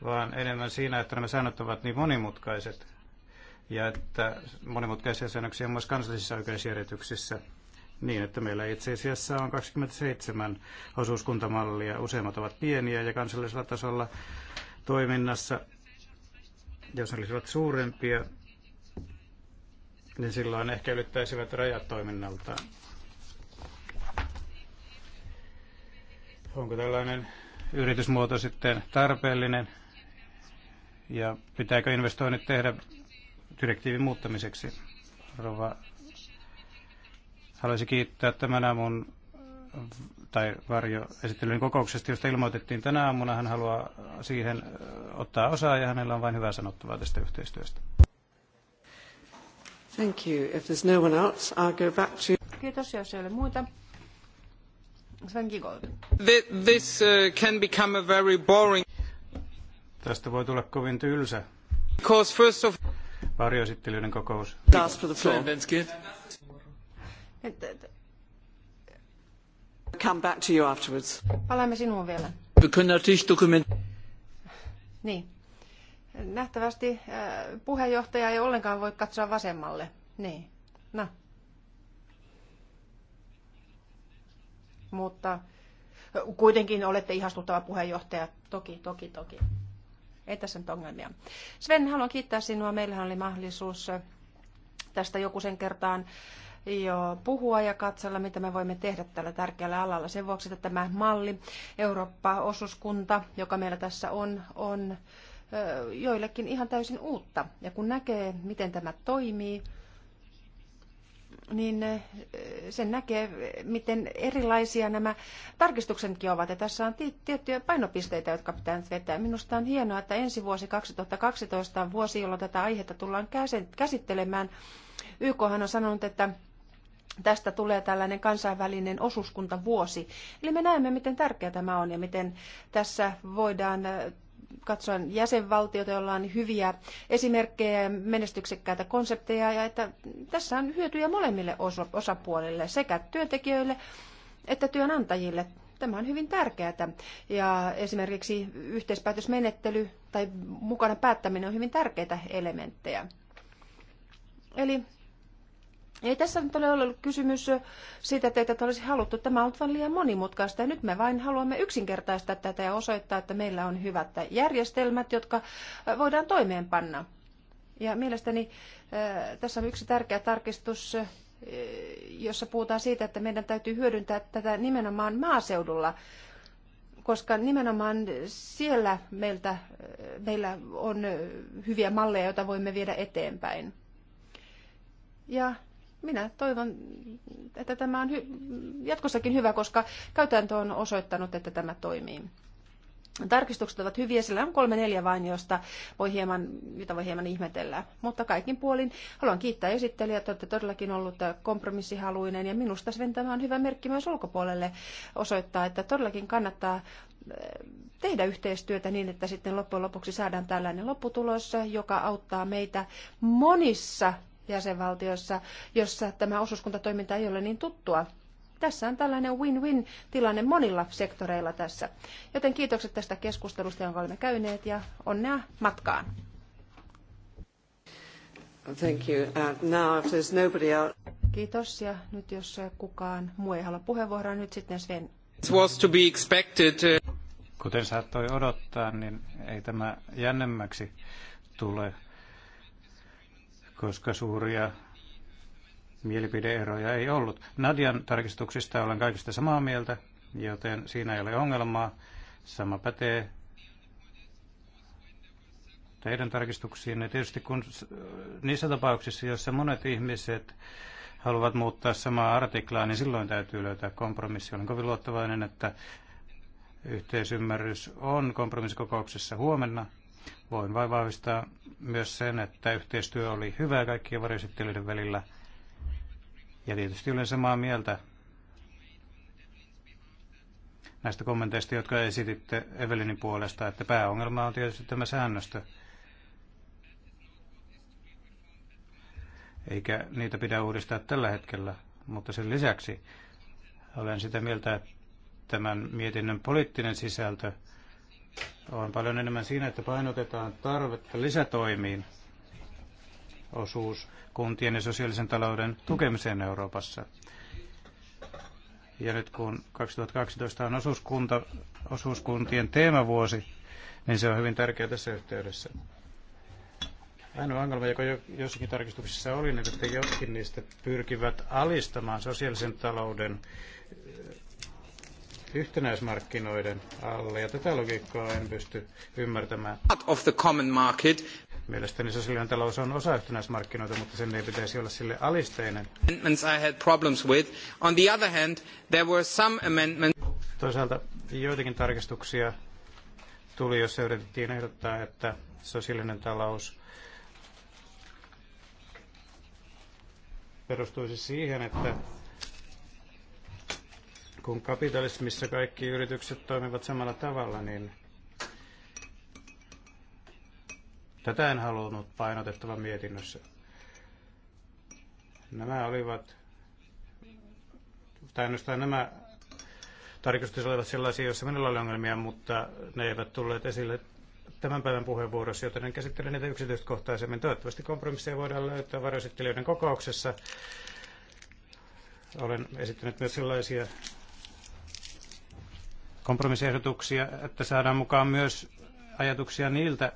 vaan enemmän siinä, että nämä säännöt ovat niin monimutkaiset ja että monimutkaisia säännöksiä on myös kansallisissa oikeusjärjestyksissä niin, että meillä itse asiassa on 27 osuuskuntamallia. Useimmat ovat pieniä ja kansallisella tasolla toiminnassa jos ne olisivat suurempia, niin silloin ehkä ylittäisivät rajat toiminnaltaan. Onko tällainen yritysmuoto sitten tarpeellinen ja pitääkö investoinnit tehdä direktiivin muuttamiseksi? Rova, haluaisin kiittää tämän aamun tai varjoesittelyn kokouksesta, josta ilmoitettiin tänä aamuna. Hän haluaa siihen ottaa osaa ja hänellä on vain hyvää sanottavaa tästä yhteistyöstä. Thank you. If there's no one else, I'll go back to... Kiitos, jos ei ole muita. Sven This uh, can become a very boring... Tästä voi tulla kovin tylsä. Because first of... Varjoesittelyiden kokous. Taas for the floor. Come back to you afterwards. Palaamme sinuun vielä. Niin. Nähtävästi äh, puheenjohtaja ei ollenkaan voi katsoa vasemmalle. Niin. No. Mutta äh, kuitenkin olette ihastuttava puheenjohtaja. Toki, toki, toki. Ei tässä nyt ongelmia. Sven, haluan kiittää sinua. Meillähän oli mahdollisuus äh, tästä joku sen kertaan jo puhua ja katsella, mitä me voimme tehdä tällä tärkeällä alalla. Sen vuoksi, että tämä malli, Eurooppa-osuuskunta, joka meillä tässä on, on joillekin ihan täysin uutta. Ja kun näkee, miten tämä toimii, niin sen näkee, miten erilaisia nämä tarkistuksetkin ovat. Ja tässä on tiettyjä painopisteitä, jotka pitää nyt vetää. Minusta on hienoa, että ensi vuosi 2012 on vuosi, jolloin tätä aihetta tullaan käsittelemään. YK on sanonut, että tästä tulee tällainen kansainvälinen osuuskuntavuosi. Eli me näemme, miten tärkeä tämä on ja miten tässä voidaan äh, katsoa jäsenvaltioita, joilla on hyviä esimerkkejä ja menestyksekkäitä konsepteja, ja että tässä on hyötyjä molemmille osapuolille, sekä työntekijöille että työnantajille. Tämä on hyvin tärkeää, ja esimerkiksi yhteispäätösmenettely tai mukana päättäminen on hyvin tärkeitä elementtejä. Eli ei tässä nyt ole ollut kysymys siitä, että teitä olisi haluttu. Tämä on vain liian monimutkaista ja nyt me vain haluamme yksinkertaistaa tätä ja osoittaa, että meillä on hyvät järjestelmät, jotka voidaan toimeenpanna. Ja mielestäni tässä on yksi tärkeä tarkistus, jossa puhutaan siitä, että meidän täytyy hyödyntää tätä nimenomaan maaseudulla, koska nimenomaan siellä meiltä, meillä on hyviä malleja, joita voimme viedä eteenpäin. Ja minä toivon, että tämä on jatkossakin hyvä, koska käytäntö on osoittanut, että tämä toimii. Tarkistukset ovat hyviä, sillä on kolme neljä vain, josta voi hieman, jota voi hieman ihmetellä. Mutta kaikin puolin haluan kiittää esittelijät, että olette todellakin ollut kompromissihaluinen ja minusta Sven tämä on hyvä merkki myös ulkopuolelle osoittaa, että todellakin kannattaa eh, tehdä yhteistyötä niin, että sitten loppujen lopuksi saadaan tällainen lopputulos, joka auttaa meitä monissa jäsenvaltiossa, jossa tämä osuuskuntatoiminta ei ole niin tuttua. Tässä on tällainen win-win tilanne monilla sektoreilla tässä. Joten kiitokset tästä keskustelusta, jonka olemme käyneet ja onnea matkaan. Thank you. And uh, now if there's nobody else... Kiitos ja nyt jos kukaan muu ei halua puheenvuoroa, nyt sitten Sven. It was to be expected. Uh- Kuten saattoi odottaa, niin ei tämä jännemmäksi tule koska suuria mielipideeroja ei ollut. Nadian tarkistuksista olen kaikista samaa mieltä, joten siinä ei ole ongelmaa. Sama pätee teidän tarkistuksiin. Ja tietysti kun niissä tapauksissa, joissa monet ihmiset haluavat muuttaa samaa artiklaa, niin silloin täytyy löytää kompromissi. Olen kovin luottavainen, että yhteisymmärrys on kompromissikokouksessa huomenna. Voin vain vahvistaa myös sen, että yhteistyö oli hyvää kaikkien varjoesittelyiden välillä. Ja tietysti olen samaa mieltä näistä kommenteista, jotka esititte Evelinin puolesta, että pääongelma on tietysti tämä säännöstö. Eikä niitä pidä uudistaa tällä hetkellä, mutta sen lisäksi olen sitä mieltä, että tämän mietinnön poliittinen sisältö – on paljon enemmän siinä, että painotetaan tarvetta lisätoimiin osuus kuntien ja sosiaalisen talouden tukemiseen Euroopassa. Ja nyt kun 2012 on osuuskunta, osuuskuntien teemavuosi, niin se on hyvin tärkeä tässä yhteydessä. Ainoa ongelma, joka jo, jossakin tarkistuksissa oli, niin että jotkin niistä pyrkivät alistamaan sosiaalisen talouden yhtenäismarkkinoiden alle, ja tätä logiikkaa en pysty ymmärtämään. Of the common market. Mielestäni sosiaalinen talous on osa yhtenäismarkkinoita, mutta sen ei pitäisi olla sille alisteinen. I had problems with. On the other hand, there were some amendments. Toisaalta joitakin tarkistuksia tuli, jos yritettiin ehdottaa, että sosiaalinen talous perustuisi siihen, että kun kapitalismissa kaikki yritykset toimivat samalla tavalla, niin tätä en halunnut painotettava mietinnössä. Nämä olivat, tai ainoastaan nämä tarkistus olivat sellaisia, joissa minulla oli ongelmia, mutta ne eivät tulleet esille tämän päivän puheenvuorossa, joten en käsittele niitä yksityiskohtaisemmin. Toivottavasti kompromisseja voidaan löytää varjoesittelijöiden kokouksessa. Olen esittänyt myös sellaisia kompromissiehdotuksia, että saadaan mukaan myös ajatuksia niiltä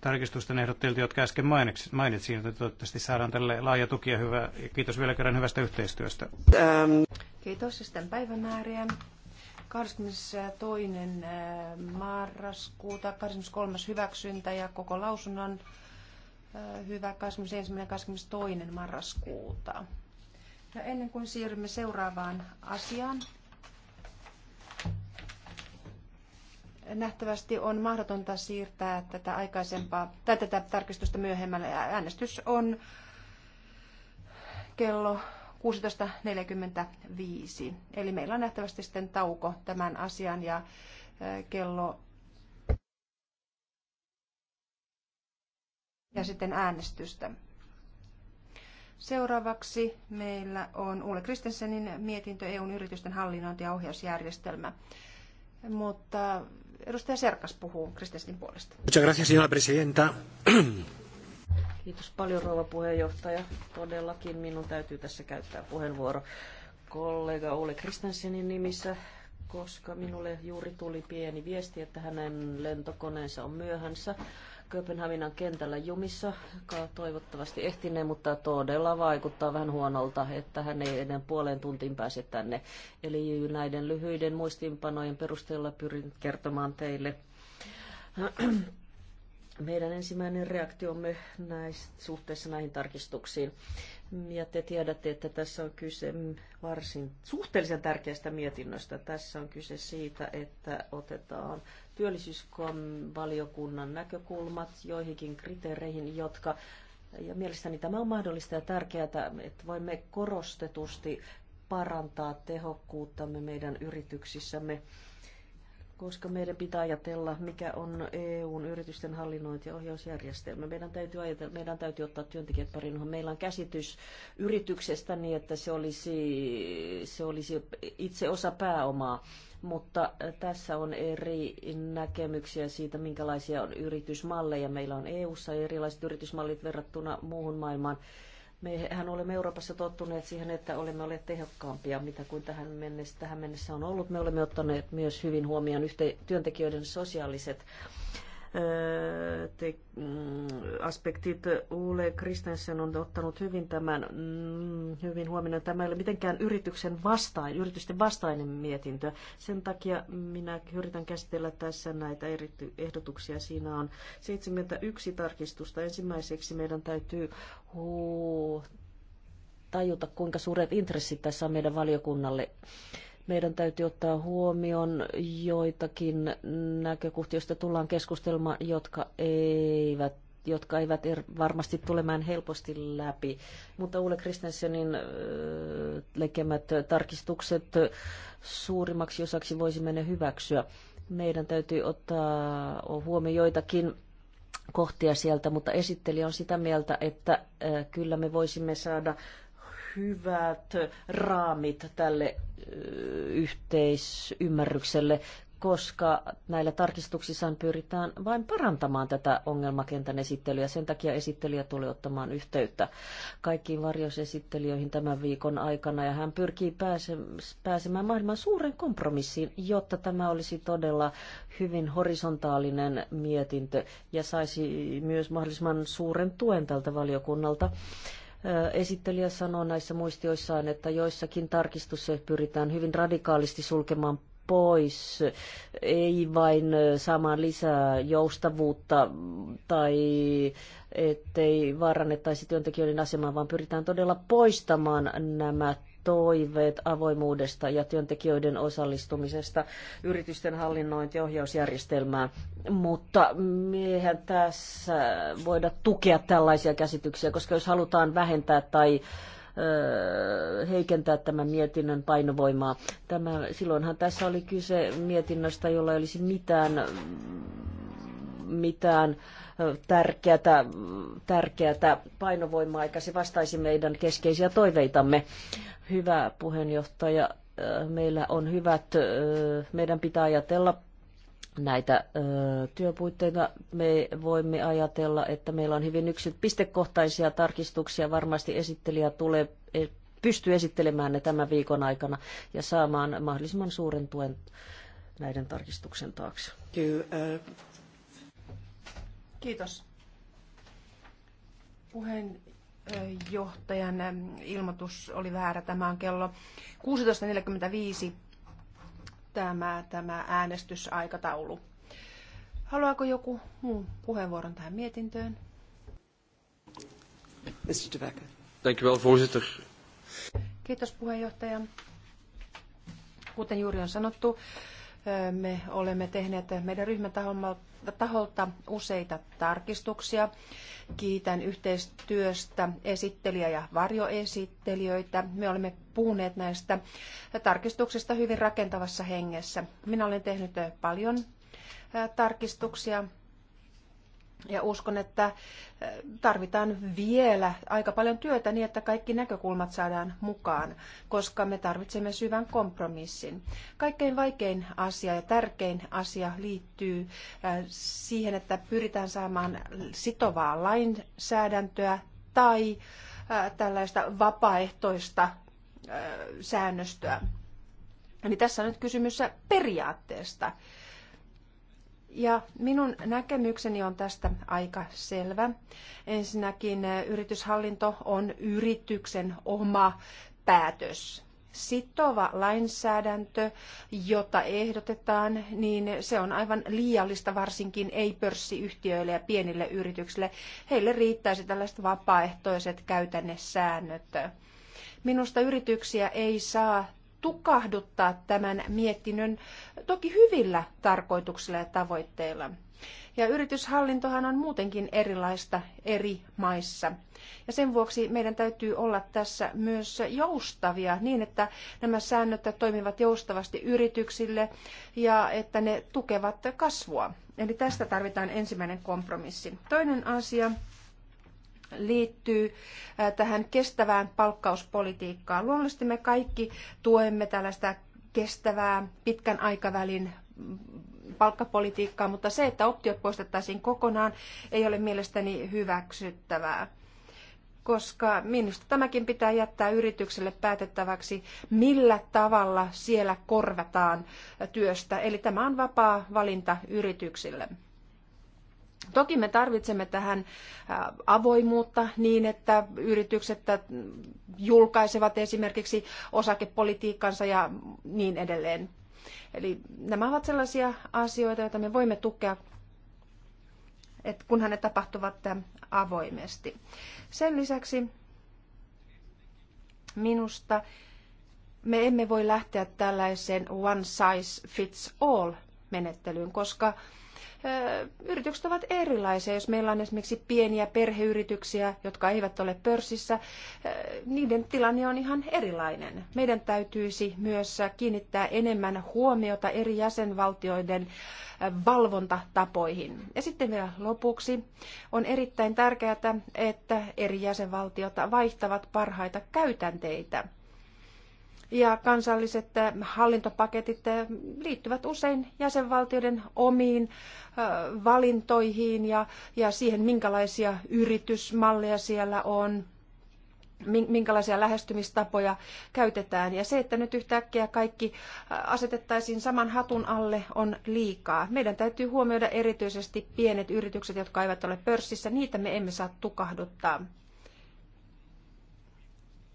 tarkistusten ehdottajilta, jotka äsken mainitsin, että toivottavasti saadaan tälle laaja tuki ja hyvä. Kiitos vielä kerran hyvästä yhteistyöstä. Ähm. Kiitos. Sitten päivämääriä. 22. Äh, marraskuuta, 23. hyväksyntä ja koko lausunnon äh, hyvä 21. 22. marraskuuta. Ja no, ennen kuin siirrymme seuraavaan asiaan, nähtävästi on mahdotonta siirtää tätä aikaisempaa tai tätä tarkistusta myöhemmälle. Äänestys on kello 16.45. Eli meillä on nähtävästi sitten tauko tämän asian ja kello ja sitten äänestystä. Seuraavaksi meillä on Ulle Kristensenin mietintö EUn yritysten hallinnointi- ja ohjausjärjestelmä. Mutta Edustaja Serkas puhuu puolesta. Kiitos paljon rouva puheenjohtaja. Todellakin minun täytyy tässä käyttää puheenvuoro kollega Ole Kristensenin nimissä, koska minulle juuri tuli pieni viesti, että hänen lentokoneensa on myöhänsä. Kööpenhaminan kentällä jumissa, joka toivottavasti ehtinee, mutta todella vaikuttaa vähän huonolta, että hän ei ennen puoleen tuntiin pääse tänne. Eli näiden lyhyiden muistiinpanojen perusteella pyrin kertomaan teille meidän ensimmäinen reaktiomme näistä, suhteessa näihin tarkistuksiin. Ja te tiedätte, että tässä on kyse varsin suhteellisen tärkeästä mietinnöstä. Tässä on kyse siitä, että otetaan työllisyysvaliokunnan näkökulmat joihinkin kriteereihin, jotka ja mielestäni tämä on mahdollista ja tärkeää, että voimme korostetusti parantaa tehokkuuttamme meidän yrityksissämme koska meidän pitää ajatella, mikä on EUn yritysten hallinnointi- ja ohjausjärjestelmä. Meidän täytyy, ajatella, meidän täytyy ottaa työntekijät parin. No, meillä on käsitys yrityksestä niin, että se olisi, se olisi itse osa pääomaa, mutta tässä on eri näkemyksiä siitä, minkälaisia on yritysmalleja. Meillä on EUssa erilaiset yritysmallit verrattuna muuhun maailmaan. Mehän olemme Euroopassa tottuneet siihen, että olemme olleet tehokkaampia, mitä kuin tähän mennessä, tähän mennessä on ollut. Me olemme ottaneet myös hyvin huomioon yhte- työntekijöiden sosiaaliset te, mm, aspektit. Ole Kristensen on ottanut hyvin tämän mm, hyvin huomioon. Tämä ei ole mitenkään yrityksen vastaan, yritysten vastainen mietintö. Sen takia minä yritän käsitellä tässä näitä eri ehdotuksia. Siinä on 71 tarkistusta. Ensimmäiseksi meidän täytyy huu, tajuta, kuinka suuret intressit tässä on meidän valiokunnalle meidän täytyy ottaa huomioon joitakin näkökohtia, joista tullaan keskustelemaan, jotka eivät jotka eivät er- varmasti tulemaan helposti läpi. Mutta Ulle Kristensenin tekemät tarkistukset suurimmaksi osaksi voisi mennä hyväksyä. Meidän täytyy ottaa huomioon joitakin kohtia sieltä, mutta esittelijä on sitä mieltä, että kyllä me voisimme saada hyvät raamit tälle yhteisymmärrykselle, koska näillä tarkistuksissa pyritään vain parantamaan tätä ongelmakentän esittelyä. Sen takia esittelijä tulee ottamaan yhteyttä kaikkiin varjosesittelijöihin tämän viikon aikana ja hän pyrkii pääsemään maailman suuren kompromissiin, jotta tämä olisi todella hyvin horisontaalinen mietintö ja saisi myös mahdollisimman suuren tuen tältä valiokunnalta. Esittelijä sanoo näissä muistioissaan, että joissakin tarkistus pyritään hyvin radikaalisti sulkemaan pois, ei vain saamaan lisää joustavuutta tai ettei vaarannettaisi työntekijöiden asemaa, vaan pyritään todella poistamaan nämä toiveet avoimuudesta ja työntekijöiden osallistumisesta yritysten hallinnointi- ja ohjausjärjestelmään. Mutta meihän tässä voida tukea tällaisia käsityksiä, koska jos halutaan vähentää tai heikentää tämän mietinnön painovoimaa. Tämä, silloinhan tässä oli kyse mietinnöstä, jolla ei olisi mitään, mitään äh, tärkeätä, tärkeätä painovoimaa, eikä se vastaisi meidän keskeisiä toiveitamme. Hyvä puheenjohtaja, äh, meillä on hyvät, äh, meidän pitää ajatella näitä äh, työpuitteita. Me voimme ajatella, että meillä on hyvin yksi pistekohtaisia tarkistuksia. Varmasti esittelijä tulee, e, pystyy esittelemään ne tämän viikon aikana ja saamaan mahdollisimman suuren tuen näiden tarkistuksen taakse. Kiitos. Puheenjohtajan johtajan ähm, ilmoitus oli väärä. Tämä on kello 16.45 tämä, tämä äänestysaikataulu. Haluaako joku muu puheenvuoron tähän mietintöön? Mr. De Becker. Dank voorzitter. Kiitos puheenjohtaja. Kuten juuri on sanottu, me olemme tehneet meidän ryhmän taholta useita tarkistuksia. Kiitän yhteistyöstä esittelijä ja varjoesittelijöitä. Me olemme puhuneet näistä tarkistuksista hyvin rakentavassa hengessä. Minä olen tehnyt paljon tarkistuksia ja uskon, että äh, tarvitaan vielä aika paljon työtä niin, että kaikki näkökulmat saadaan mukaan, koska me tarvitsemme syvän kompromissin. Kaikkein vaikein asia ja tärkein asia liittyy äh, siihen, että pyritään saamaan sitovaa lainsäädäntöä tai äh, tällaista vapaaehtoista säännöstöä. Eli tässä on nyt kysymys periaatteesta. Ja minun näkemykseni on tästä aika selvä. Ensinnäkin eh, yrityshallinto on yrityksen oma päätös. Sitova lainsäädäntö, jota ehdotetaan, niin se on aivan liiallista varsinkin ei-pörssiyhtiöille ja pienille yrityksille. Heille riittäisi tällaiset vapaaehtoiset käytännesäännöt. Minusta yrityksiä ei saa tukahduttaa tämän miettinnön toki hyvillä tarkoituksilla ja tavoitteilla. Ja yrityshallintohan on muutenkin erilaista eri maissa. Ja sen vuoksi meidän täytyy olla tässä myös joustavia niin, että nämä säännöt toimivat joustavasti yrityksille ja että ne tukevat kasvua. Eli tästä tarvitaan ensimmäinen kompromissi. Toinen asia liittyy tähän kestävään palkkauspolitiikkaan. Luonnollisesti me kaikki tuemme tällaista kestävää pitkän aikavälin palkkapolitiikkaa, mutta se, että optiot poistettaisiin kokonaan, ei ole mielestäni hyväksyttävää koska minusta tämäkin pitää jättää yritykselle päätettäväksi, millä tavalla siellä korvataan työstä. Eli tämä on vapaa valinta yrityksille. Toki me tarvitsemme tähän avoimuutta niin, että yritykset julkaisevat esimerkiksi osakepolitiikkansa ja niin edelleen. Eli nämä ovat sellaisia asioita, joita me voimme tukea, että kunhan ne tapahtuvat avoimesti. Sen lisäksi minusta me emme voi lähteä tällaiseen one size fits all menettelyyn, koska yritykset ovat erilaisia. Jos meillä on esimerkiksi pieniä perheyrityksiä, jotka eivät ole pörssissä, niiden tilanne on ihan erilainen. Meidän täytyisi myös kiinnittää enemmän huomiota eri jäsenvaltioiden valvontatapoihin. Ja sitten vielä lopuksi on erittäin tärkeää, että eri jäsenvaltiota vaihtavat parhaita käytänteitä ja kansalliset eh, hallintopaketit eh, liittyvät usein jäsenvaltioiden omiin eh, valintoihin ja, siihen, minkälaisia yritysmalleja siellä on, minkälaisia lähestymistapoja käytetään. Ja se, että nyt yhtäkkiä kaikki asetettaisiin saman hatun alle, on liikaa. Meidän täytyy huomioida erityisesti pienet yritykset, jotka eivät ole pörssissä. Niitä me emme saa tukahduttaa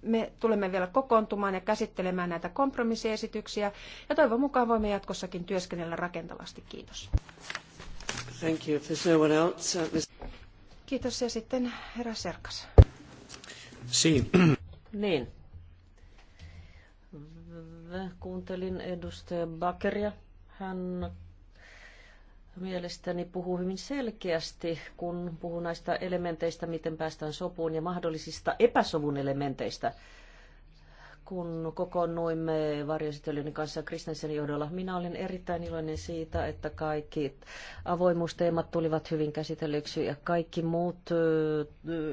me tulemme vielä kokoontumaan ja käsittelemään näitä kompromissiesityksiä ja toivon mukaan voimme jatkossakin työskennellä rakentavasti. Kiitos. Thank you. If no one else, uh, Kiitos ja sitten herra Serkas. Si. Niin. Kuuntelin edustaja Bakeria. Hän mielestäni puhuu hyvin selkeästi, kun puhuu näistä elementeistä, miten päästään sopuun ja mahdollisista epäsovun elementeistä kun kokoonnuimme varjositelijoiden kanssa Kristensen johdolla. Minä olen erittäin iloinen siitä, että kaikki avoimuusteemat tulivat hyvin käsitellyksi ja kaikki muut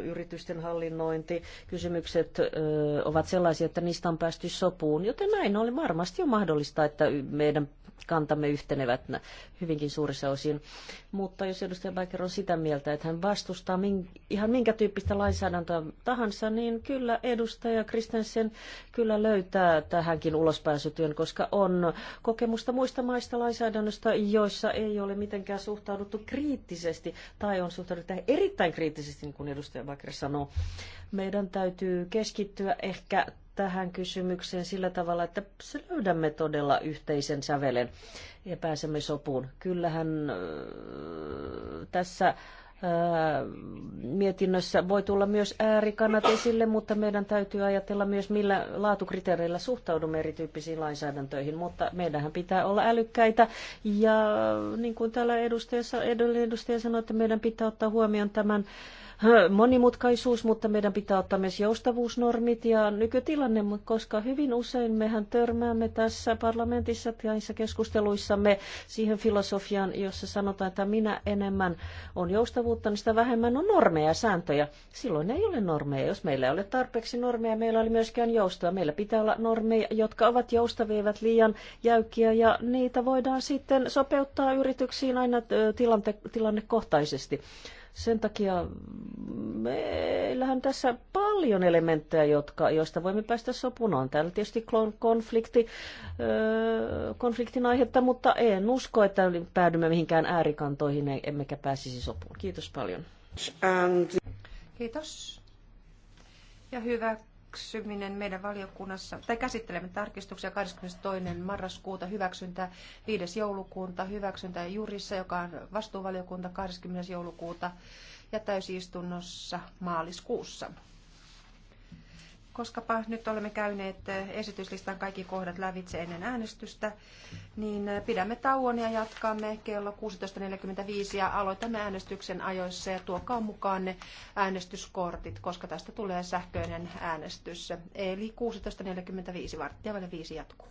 yritysten hallinnointikysymykset ovat sellaisia, että niistä on päästy sopuun. Joten näin oli varmasti jo mahdollista, että meidän kantamme yhtenevät hyvinkin suurissa osin. Mutta jos edustaja Baker on sitä mieltä, että hän vastustaa min- ihan minkä tyyppistä lainsäädäntöä tahansa, niin kyllä edustaja Kristensen kyllä kyllä löytää tähänkin ulospääsytyön, koska on kokemusta muista maista lainsäädännöstä, joissa ei ole mitenkään suhtauduttu kriittisesti tai on suhtauduttu erittäin kriittisesti, niin kuin edustaja Bakre sanoo. Meidän täytyy keskittyä ehkä tähän kysymykseen sillä tavalla, että löydämme todella yhteisen sävelen ja pääsemme sopuun. Kyllähän tässä mietinnössä voi tulla myös äärikannat esille, mutta meidän täytyy ajatella myös, millä laatukriteereillä suhtaudumme erityyppisiin lainsäädäntöihin, mutta meidän pitää olla älykkäitä ja niin kuin täällä edustaja, edellinen edustaja sanoi, että meidän pitää ottaa huomioon tämän äh, monimutkaisuus, mutta meidän pitää ottaa myös joustavuusnormit ja nykytilanne, koska hyvin usein mehän törmäämme tässä parlamentissa ja näissä keskusteluissamme siihen filosofiaan, jossa sanotaan, että minä enemmän on joustavuutta, niin sitä vähemmän on normeja ja sääntöjä. Silloin ei ole normeja. Jos meillä ei ole tarpeeksi normeja, meillä oli myöskään joustoa. Meillä pitää olla normeja, jotka ovat joustavia, eivät liian jäykkiä ja niitä voidaan sitten sopeuttaa yrityksiin aina tilante, tilannekohtaisesti. Sen takia meillähän tässä paljon elementtejä, jotka, joista voimme päästä sopuun. On täällä tietysti konflikti, öö, konfliktin aihetta, mutta en usko, että päädymme mihinkään äärikantoihin emmekä pääsisi sopuun. Kiitos paljon. Kiitos. Ja hyvä hyväksyminen meidän valiokunnassa, tai käsittelemme tarkistuksia 22. marraskuuta hyväksyntä, 5. joulukuuta hyväksyntä jurissa, joka on vastuuvaliokunta 20. joulukuuta ja täysistunnossa maaliskuussa. Koskapa nyt olemme käyneet eh, esityslistan kaikki kohdat lävitse ennen äänestystä, niin eh, pidämme tauon ja jatkamme kello 16.45 ja aloitamme äänestyksen ajoissa ja tuokaa mukaan ne äänestyskortit, koska tästä tulee sähköinen äänestys. Eli 16.45 varttia vielä viisi jatkuu.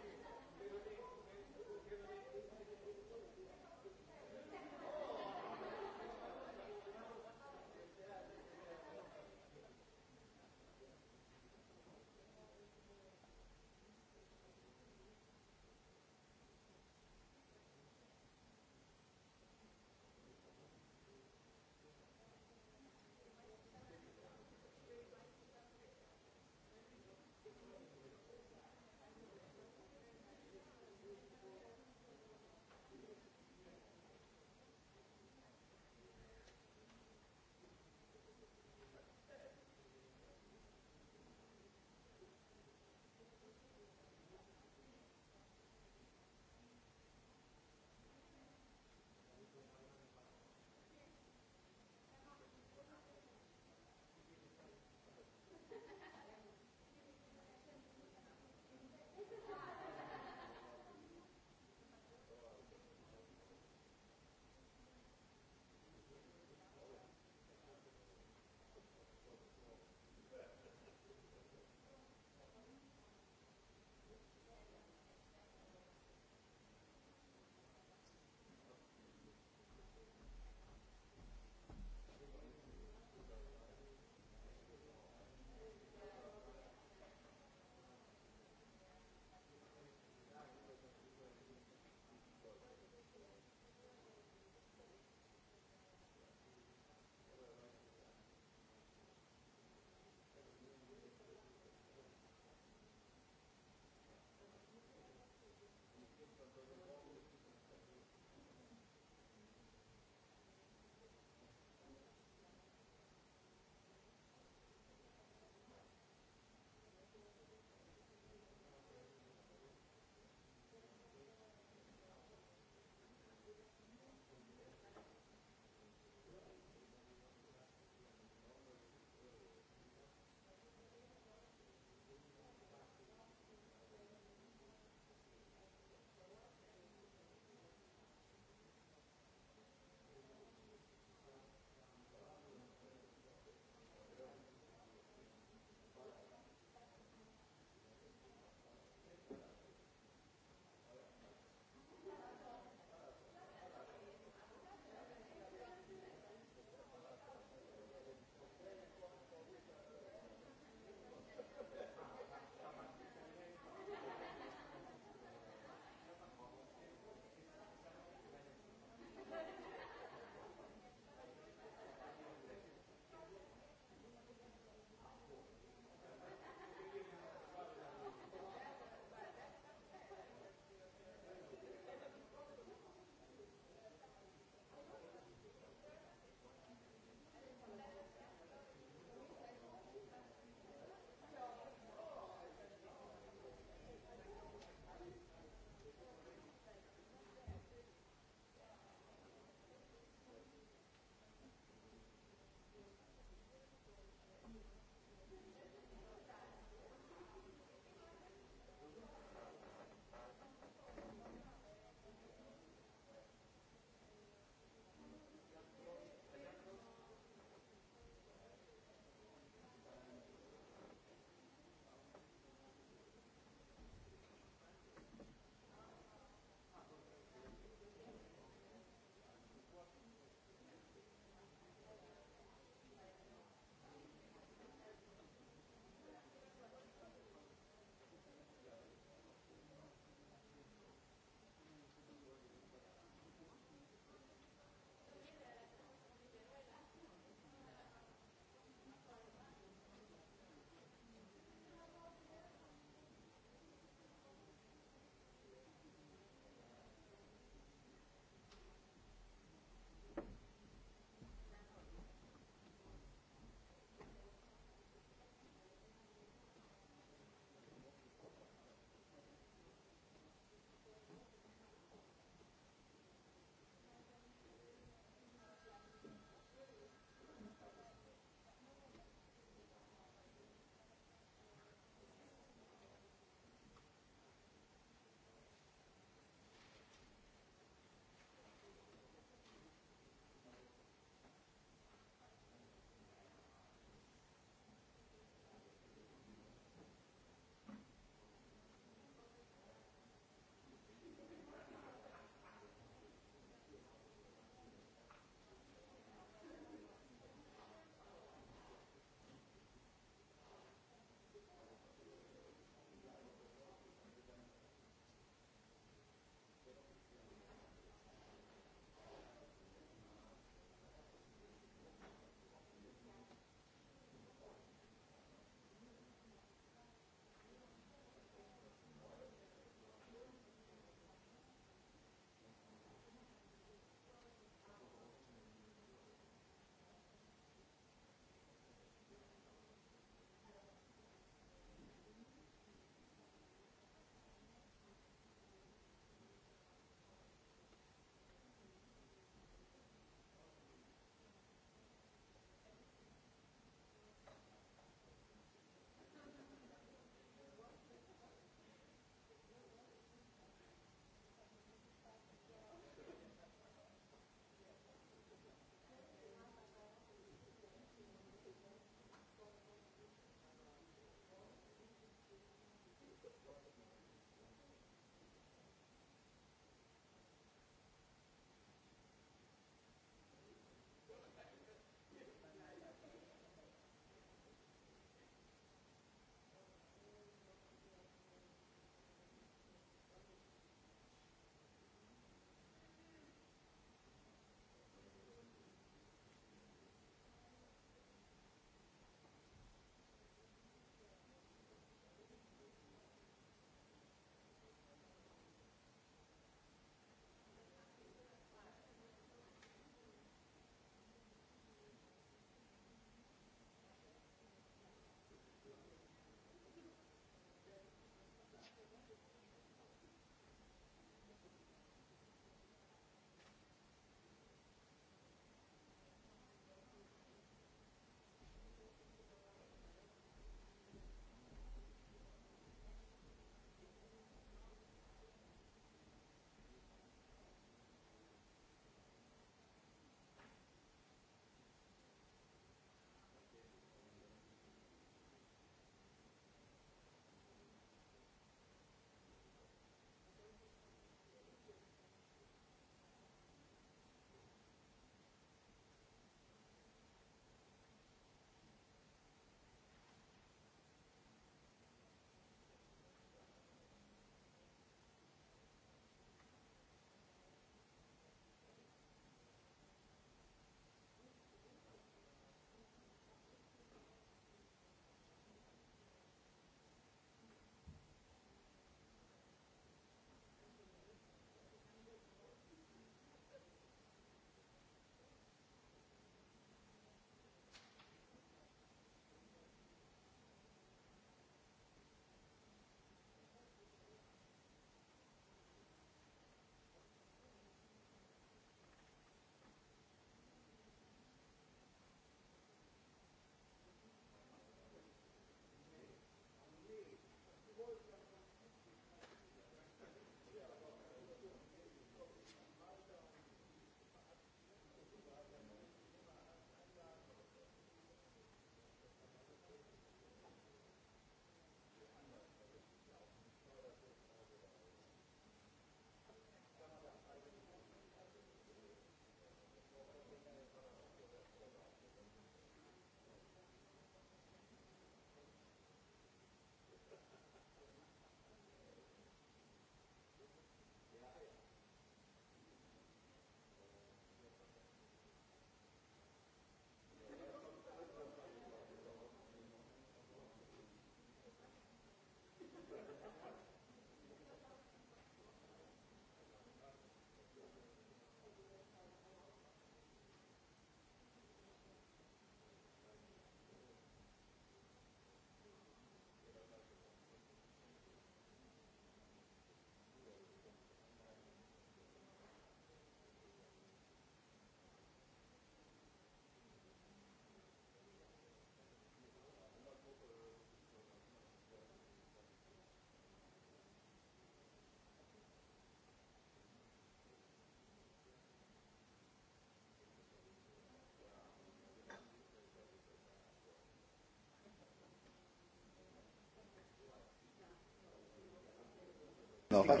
No, but,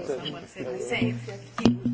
no. uh,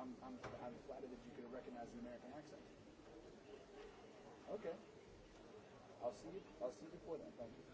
I'm, I'm, I'm flattered that you could recognize an American accent. Okay. I'll see you. I'll see you before then. Thank you.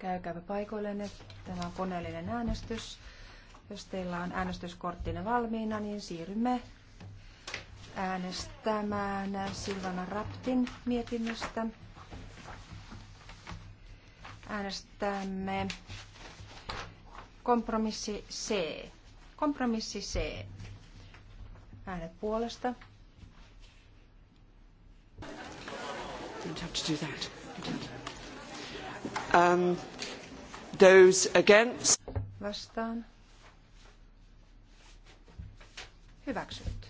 Käykääpä paikoillenne. Tämä on koneellinen äänestys. Jos teillä on äänestyskorttinne valmiina, niin siirrymme äänestämään Silvana Raptin mietinnöstä. Äänestämme kompromissi C. Kompromissi C. Äänet puolesta. don't have to do that. Um, those against. Vastaan. Hyväksytty.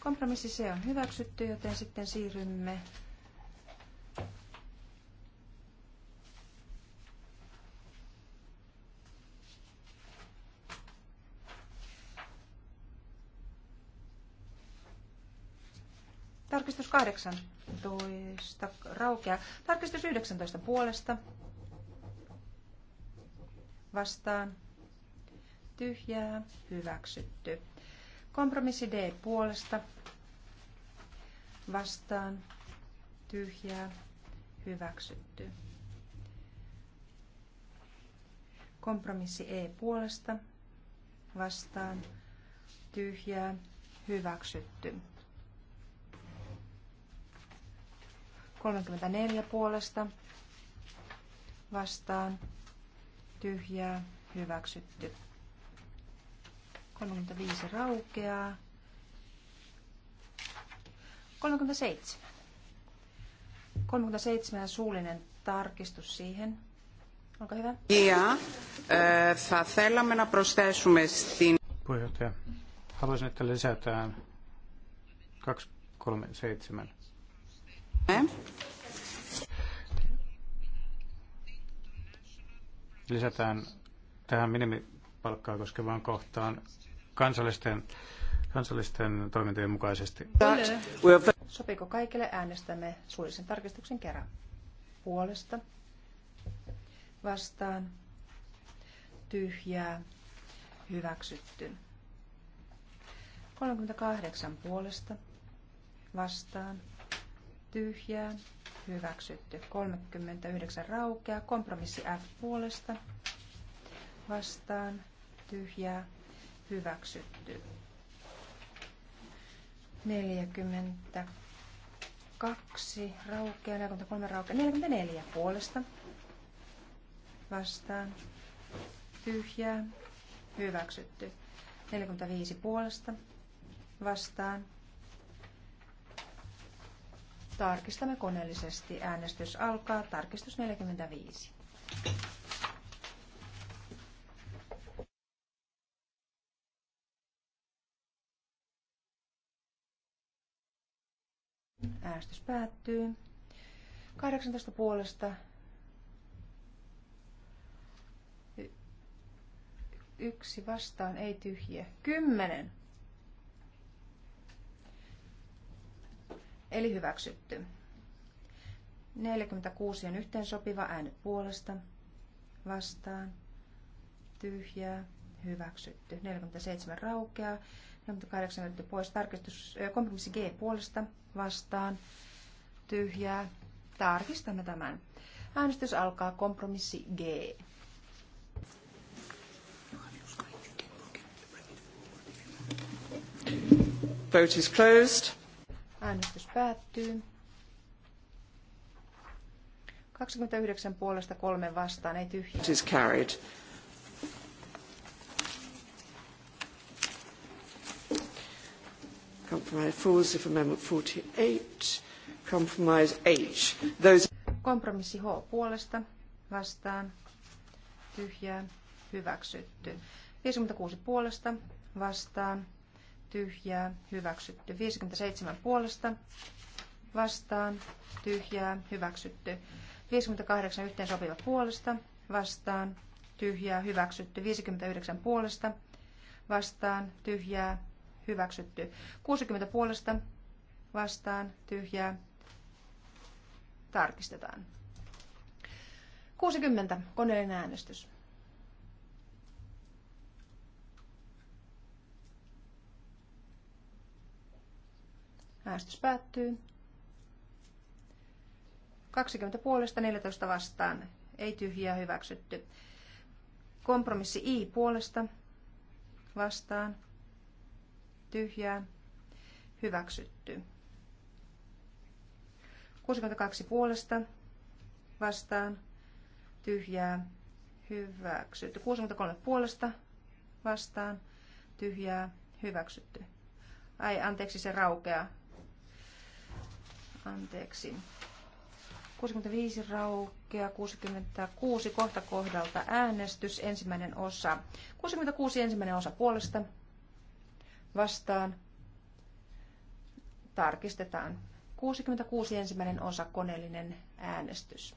Kompromissi se on hyväksytty, joten sitten siirrymme 18 raukea. Tarkistus 19 puolesta. Vastaan. Tyhjää. Hyväksytty. Kompromissi D puolesta. Vastaan. Tyhjää. Hyväksytty. Kompromissi E puolesta. Vastaan. Tyhjää. Hyväksytty. 34 puolesta vastaan tyhjää hyväksytty. 35 raukeaa. 37. 37 suullinen tarkistus siihen. Olkaa hyvä. Ja, θα θέλαμε να προσθέσουμε στην... Puheenjohtaja, haluaisin, että lisätään 237 Lisätään tähän minimipalkkaa koskevaan kohtaan kansallisten, kansallisten toimintojen mukaisesti. Sopiko kaikille äänestämme suullisen tarkistuksen kerran? Puolesta, vastaan, tyhjää, hyväksytty. 38 puolesta, vastaan, tyhjää, hyväksytty. 39 raukeaa, kompromissi F puolesta, vastaan, tyhjää, hyväksytty. 42 raukeaa, 43 raukeaa, 44 puolesta, vastaan, tyhjää, hyväksytty. 45 puolesta, vastaan, Tarkistamme koneellisesti. Äänestys alkaa. Tarkistus 45. Äänestys päättyy. 18 puolesta yksi vastaan, ei tyhjiä. Kymmenen Eli hyväksytty. 46 on yhteensopiva ääni puolesta. Vastaan. Tyhjää. Hyväksytty. 47 raukeaa. 48 otettu pois. Tarkistus, kompromissi G puolesta. Vastaan. Tyhjää. Tarkistamme tämän. Äänestys alkaa kompromissi G. Vote is closed. Äänestys päättyy. 29 puolesta kolme vastaan, ei tyhjää. It is carried. Compromise falls if amendment 48. Compromise H. Those... Kompromissi H puolesta vastaan, tyhjää, hyväksytty. 56 puolesta vastaan, tyhjää, hyväksytty. 57 puolesta vastaan, tyhjää, hyväksytty. 58 yhteen sopiva puolesta vastaan, tyhjää, hyväksytty. 59 puolesta vastaan, tyhjää, hyväksytty. 60 puolesta vastaan, tyhjää, tarkistetaan. 60. Koneellinen äänestys. Äänestys päättyy. 20 puolesta, 14 vastaan. Ei tyhjiä hyväksytty. Kompromissi I puolesta vastaan. Tyhjää. Hyväksytty. 62 puolesta vastaan. Tyhjää. Hyväksytty. 63 puolesta vastaan. Tyhjää. Hyväksytty. Ai, anteeksi, se raukeaa anteeksi. 65 raukea, 66 kohta kohdalta äänestys, ensimmäinen osa. 66 ensimmäinen osa puolesta vastaan. Tarkistetaan. 66 ensimmäinen osa koneellinen äänestys.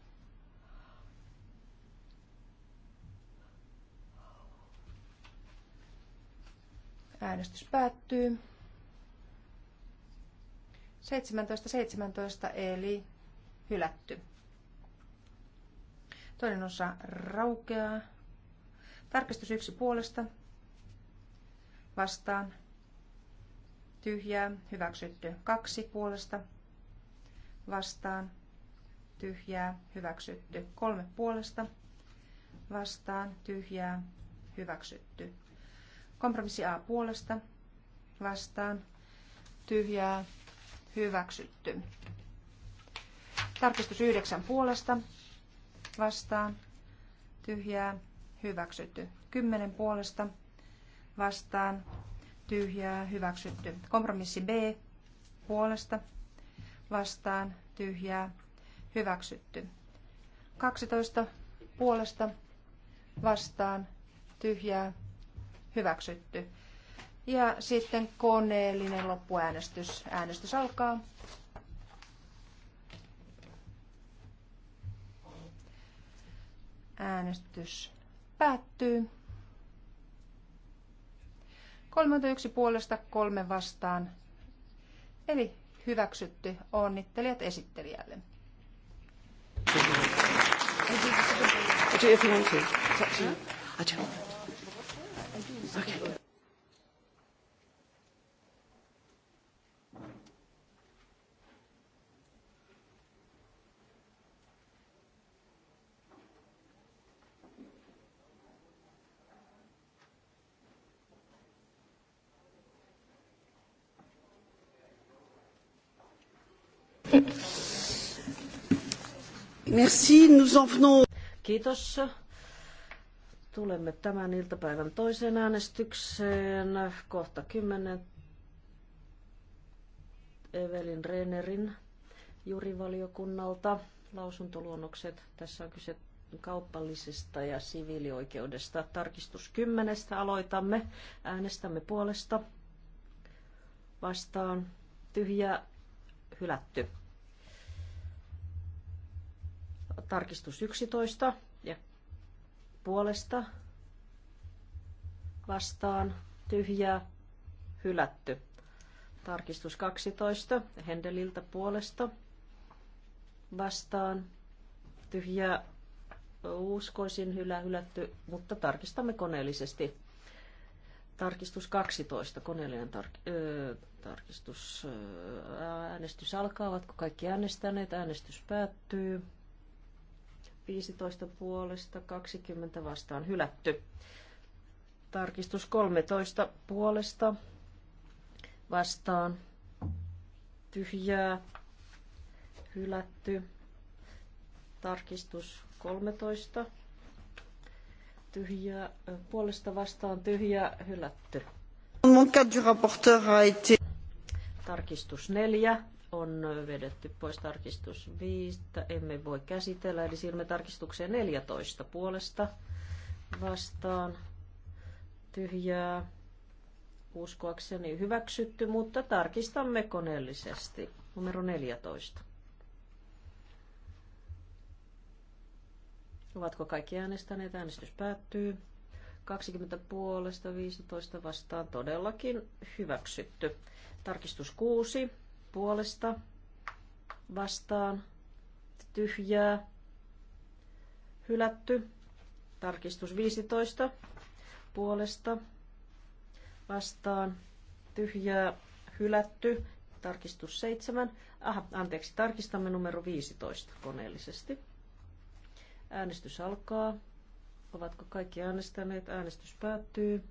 Äänestys päättyy. 17.17 eli hylätty. Toinen osa raukeaa. Tarkistus yksi puolesta. Vastaan. Tyhjää. Hyväksytty. Kaksi puolesta. Vastaan. Tyhjää. Hyväksytty. Kolme puolesta. Vastaan. Tyhjää. Hyväksytty. Kompromissi A puolesta. Vastaan. Tyhjää hyväksytty. Tarkistus yhdeksän puolesta vastaan tyhjää hyväksytty. Kymmenen puolesta vastaan tyhjää hyväksytty. Kompromissi B puolesta vastaan tyhjää hyväksytty. 12 puolesta vastaan tyhjää hyväksytty. Ja sitten koneellinen loppuäänestys. Äänestys alkaa. Äänestys päättyy. 31 puolesta, kolme vastaan. Eli hyväksytty. Onnittelijat esittelijälle. Okay. Merci, nous en venons. Kiitos. Tulemme tämän iltapäivän toiseen äänestykseen. Kohta kymmenen. Evelin Rehnerin jurivaliokunnalta lausuntoluonnokset. Tässä on kyse kaupallisesta ja siviilioikeudesta. Tarkistus kymmenestä Aloitamme. Äänestämme puolesta. Vastaan. Tyhjä. Hylätty tarkistus 11 ja puolesta vastaan tyhjää hylätty. Tarkistus 12 Hendeliltä puolesta vastaan tyhjää uskoisin hylä hylätty, mutta tarkistamme koneellisesti. Tarkistus 12, koneellinen tar- öö, tarkistus. Öö, äänestys alkaa, ovatko kaikki äänestäneet? Äänestys päättyy. 15 puolesta, 20 vastaan hylätty. Tarkistus 13 puolesta vastaan tyhjää hylätty. Tarkistus 13 tyhjää puolesta vastaan tyhjää hylätty. Tarkistus 4 on vedetty pois tarkistus 5, emme voi käsitellä, eli siirrymme tarkistukseen 14 puolesta vastaan. Tyhjää uskoakseni hyväksytty, mutta tarkistamme koneellisesti. Numero 14. Ovatko kaikki äänestäneet? Äänestys päättyy. 20 puolesta, 15 vastaan todellakin hyväksytty. Tarkistus 6 puolesta vastaan tyhjää hylätty. Tarkistus 15 puolesta vastaan tyhjää hylätty. Tarkistus 7. Aha, anteeksi, tarkistamme numero 15 koneellisesti. Äänestys alkaa. Ovatko kaikki äänestäneet? Äänestys päättyy.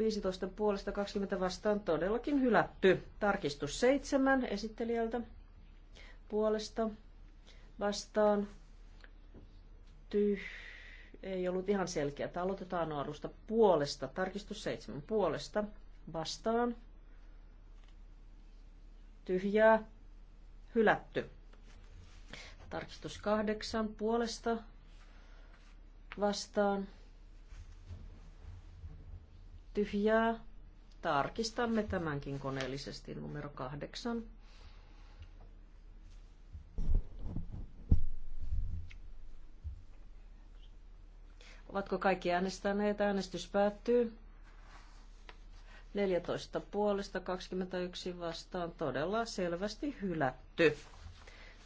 15 puolesta 20 vastaan todellakin hylätty. Tarkistus 7 esittelijältä puolesta vastaan. Tyh. Ei ollut ihan selkeää. Aloitetaan nuorusta puolesta. Tarkistus 7 puolesta vastaan. Tyhjää. Hylätty. Tarkistus 8 puolesta vastaan tyhjää. Tarkistamme tämänkin koneellisesti numero kahdeksan. Ovatko kaikki äänestäneet? Äänestys päättyy. 14 puolesta 21 vastaan todella selvästi hylätty.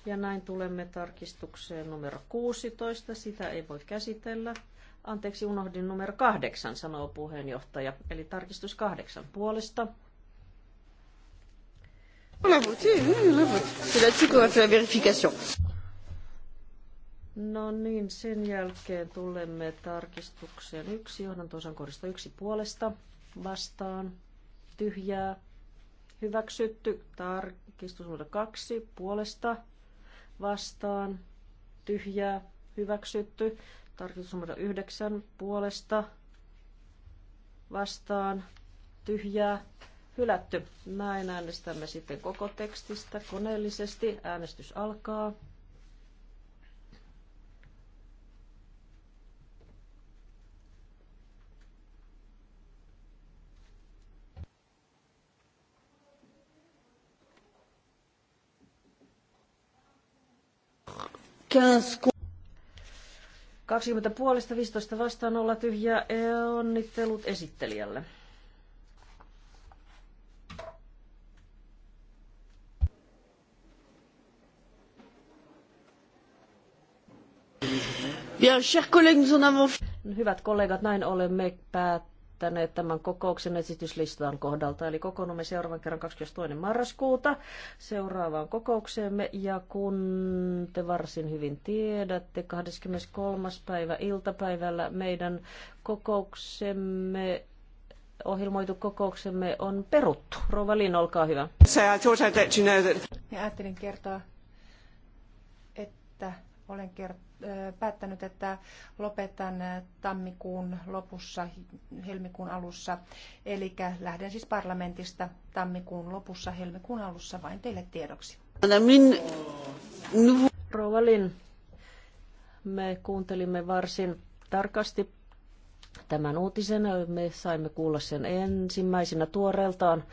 Ja näin tulemme tarkistukseen numero 16. Sitä ei voi käsitellä. Anteeksi, unohdin numero kahdeksan, sanoo puheenjohtaja. Eli tarkistus kahdeksan puolesta. No niin, sen jälkeen tulemme tarkistukseen yksi johdantosan korista yksi puolesta vastaan. Tyhjää. Hyväksytty. Tarkistus numero kaksi puolesta vastaan. Tyhjää. Hyväksytty tarkoitus numero yhdeksän puolesta vastaan tyhjää hylätty. Näin äänestämme sitten koko tekstistä koneellisesti. Äänestys alkaa. Quinze 20 puolesta 15 vastaan olla tyhjää. Onnittelut esittelijälle. Bien, chers collègues, nous en avons... Hyvät kollegat, näin olemme päättäneet. Tänne tämän kokouksen esityslistan kohdalta, eli kokoonnumme seuraavan kerran 22. marraskuuta seuraavaan kokoukseemme, ja kun te varsin hyvin tiedätte, 23. päivä iltapäivällä meidän kokouksemme ohjelmoitu kokouksemme on peruttu. Rouva Lin, olkaa hyvä. So I I'd let you know that... Niin ajattelin kertoa, että olen kert- äh, päättänyt, että lopetan äh, tammikuun lopussa, helmikuun alussa. Eli lähden siis parlamentista tammikuun lopussa, helmikuun alussa vain teille tiedoksi. Rovalin, me kuuntelimme varsin tarkasti tämän uutisen. Me saimme kuulla sen ensimmäisenä tuoreeltaan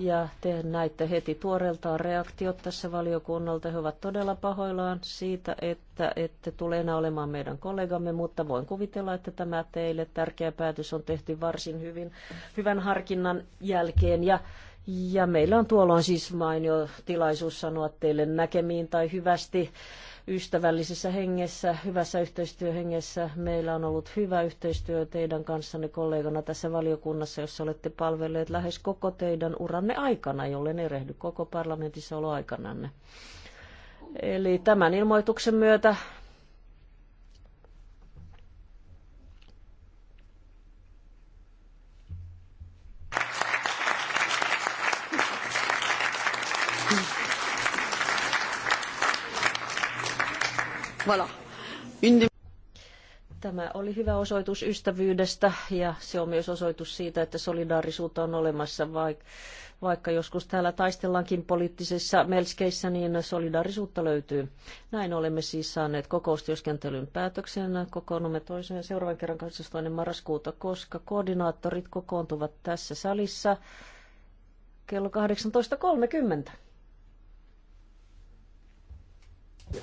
ja te näitte heti tuoreeltaan reaktiot tässä valiokunnalta. He ovat todella pahoillaan siitä, että ette tule enää olemaan meidän kollegamme, mutta voin kuvitella, että tämä teille tärkeä päätös on tehty varsin hyvin, hyvän harkinnan jälkeen ja ja meillä on tuolloin siis mainio tilaisuus sanoa teille näkemiin tai hyvästi ystävällisessä hengessä, hyvässä yhteistyöhengessä. Meillä on ollut hyvä yhteistyö teidän kanssanne kollegana tässä valiokunnassa, jossa olette palvelleet lähes koko teidän uranne aikana, jollen erehdy koko parlamentissa oloaikananne. Eli tämän ilmoituksen myötä Voilà. Une Tämä oli hyvä osoitus ystävyydestä ja se on myös osoitus siitä, että solidaarisuutta on olemassa, vaikka, joskus täällä taistellaankin poliittisissa melskeissä, niin solidaarisuutta löytyy. Näin olemme siis saaneet kokoustyöskentelyn päätöksen. Kokoonnumme toiseen seuraavan kerran 22. marraskuuta, koska koordinaattorit kokoontuvat tässä salissa kello 18.30. Uh,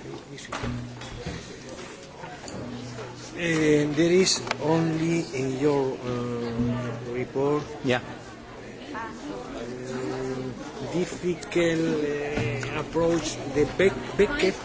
there is only in your uh, report yeah. Uh, difficult uh, approach the back, back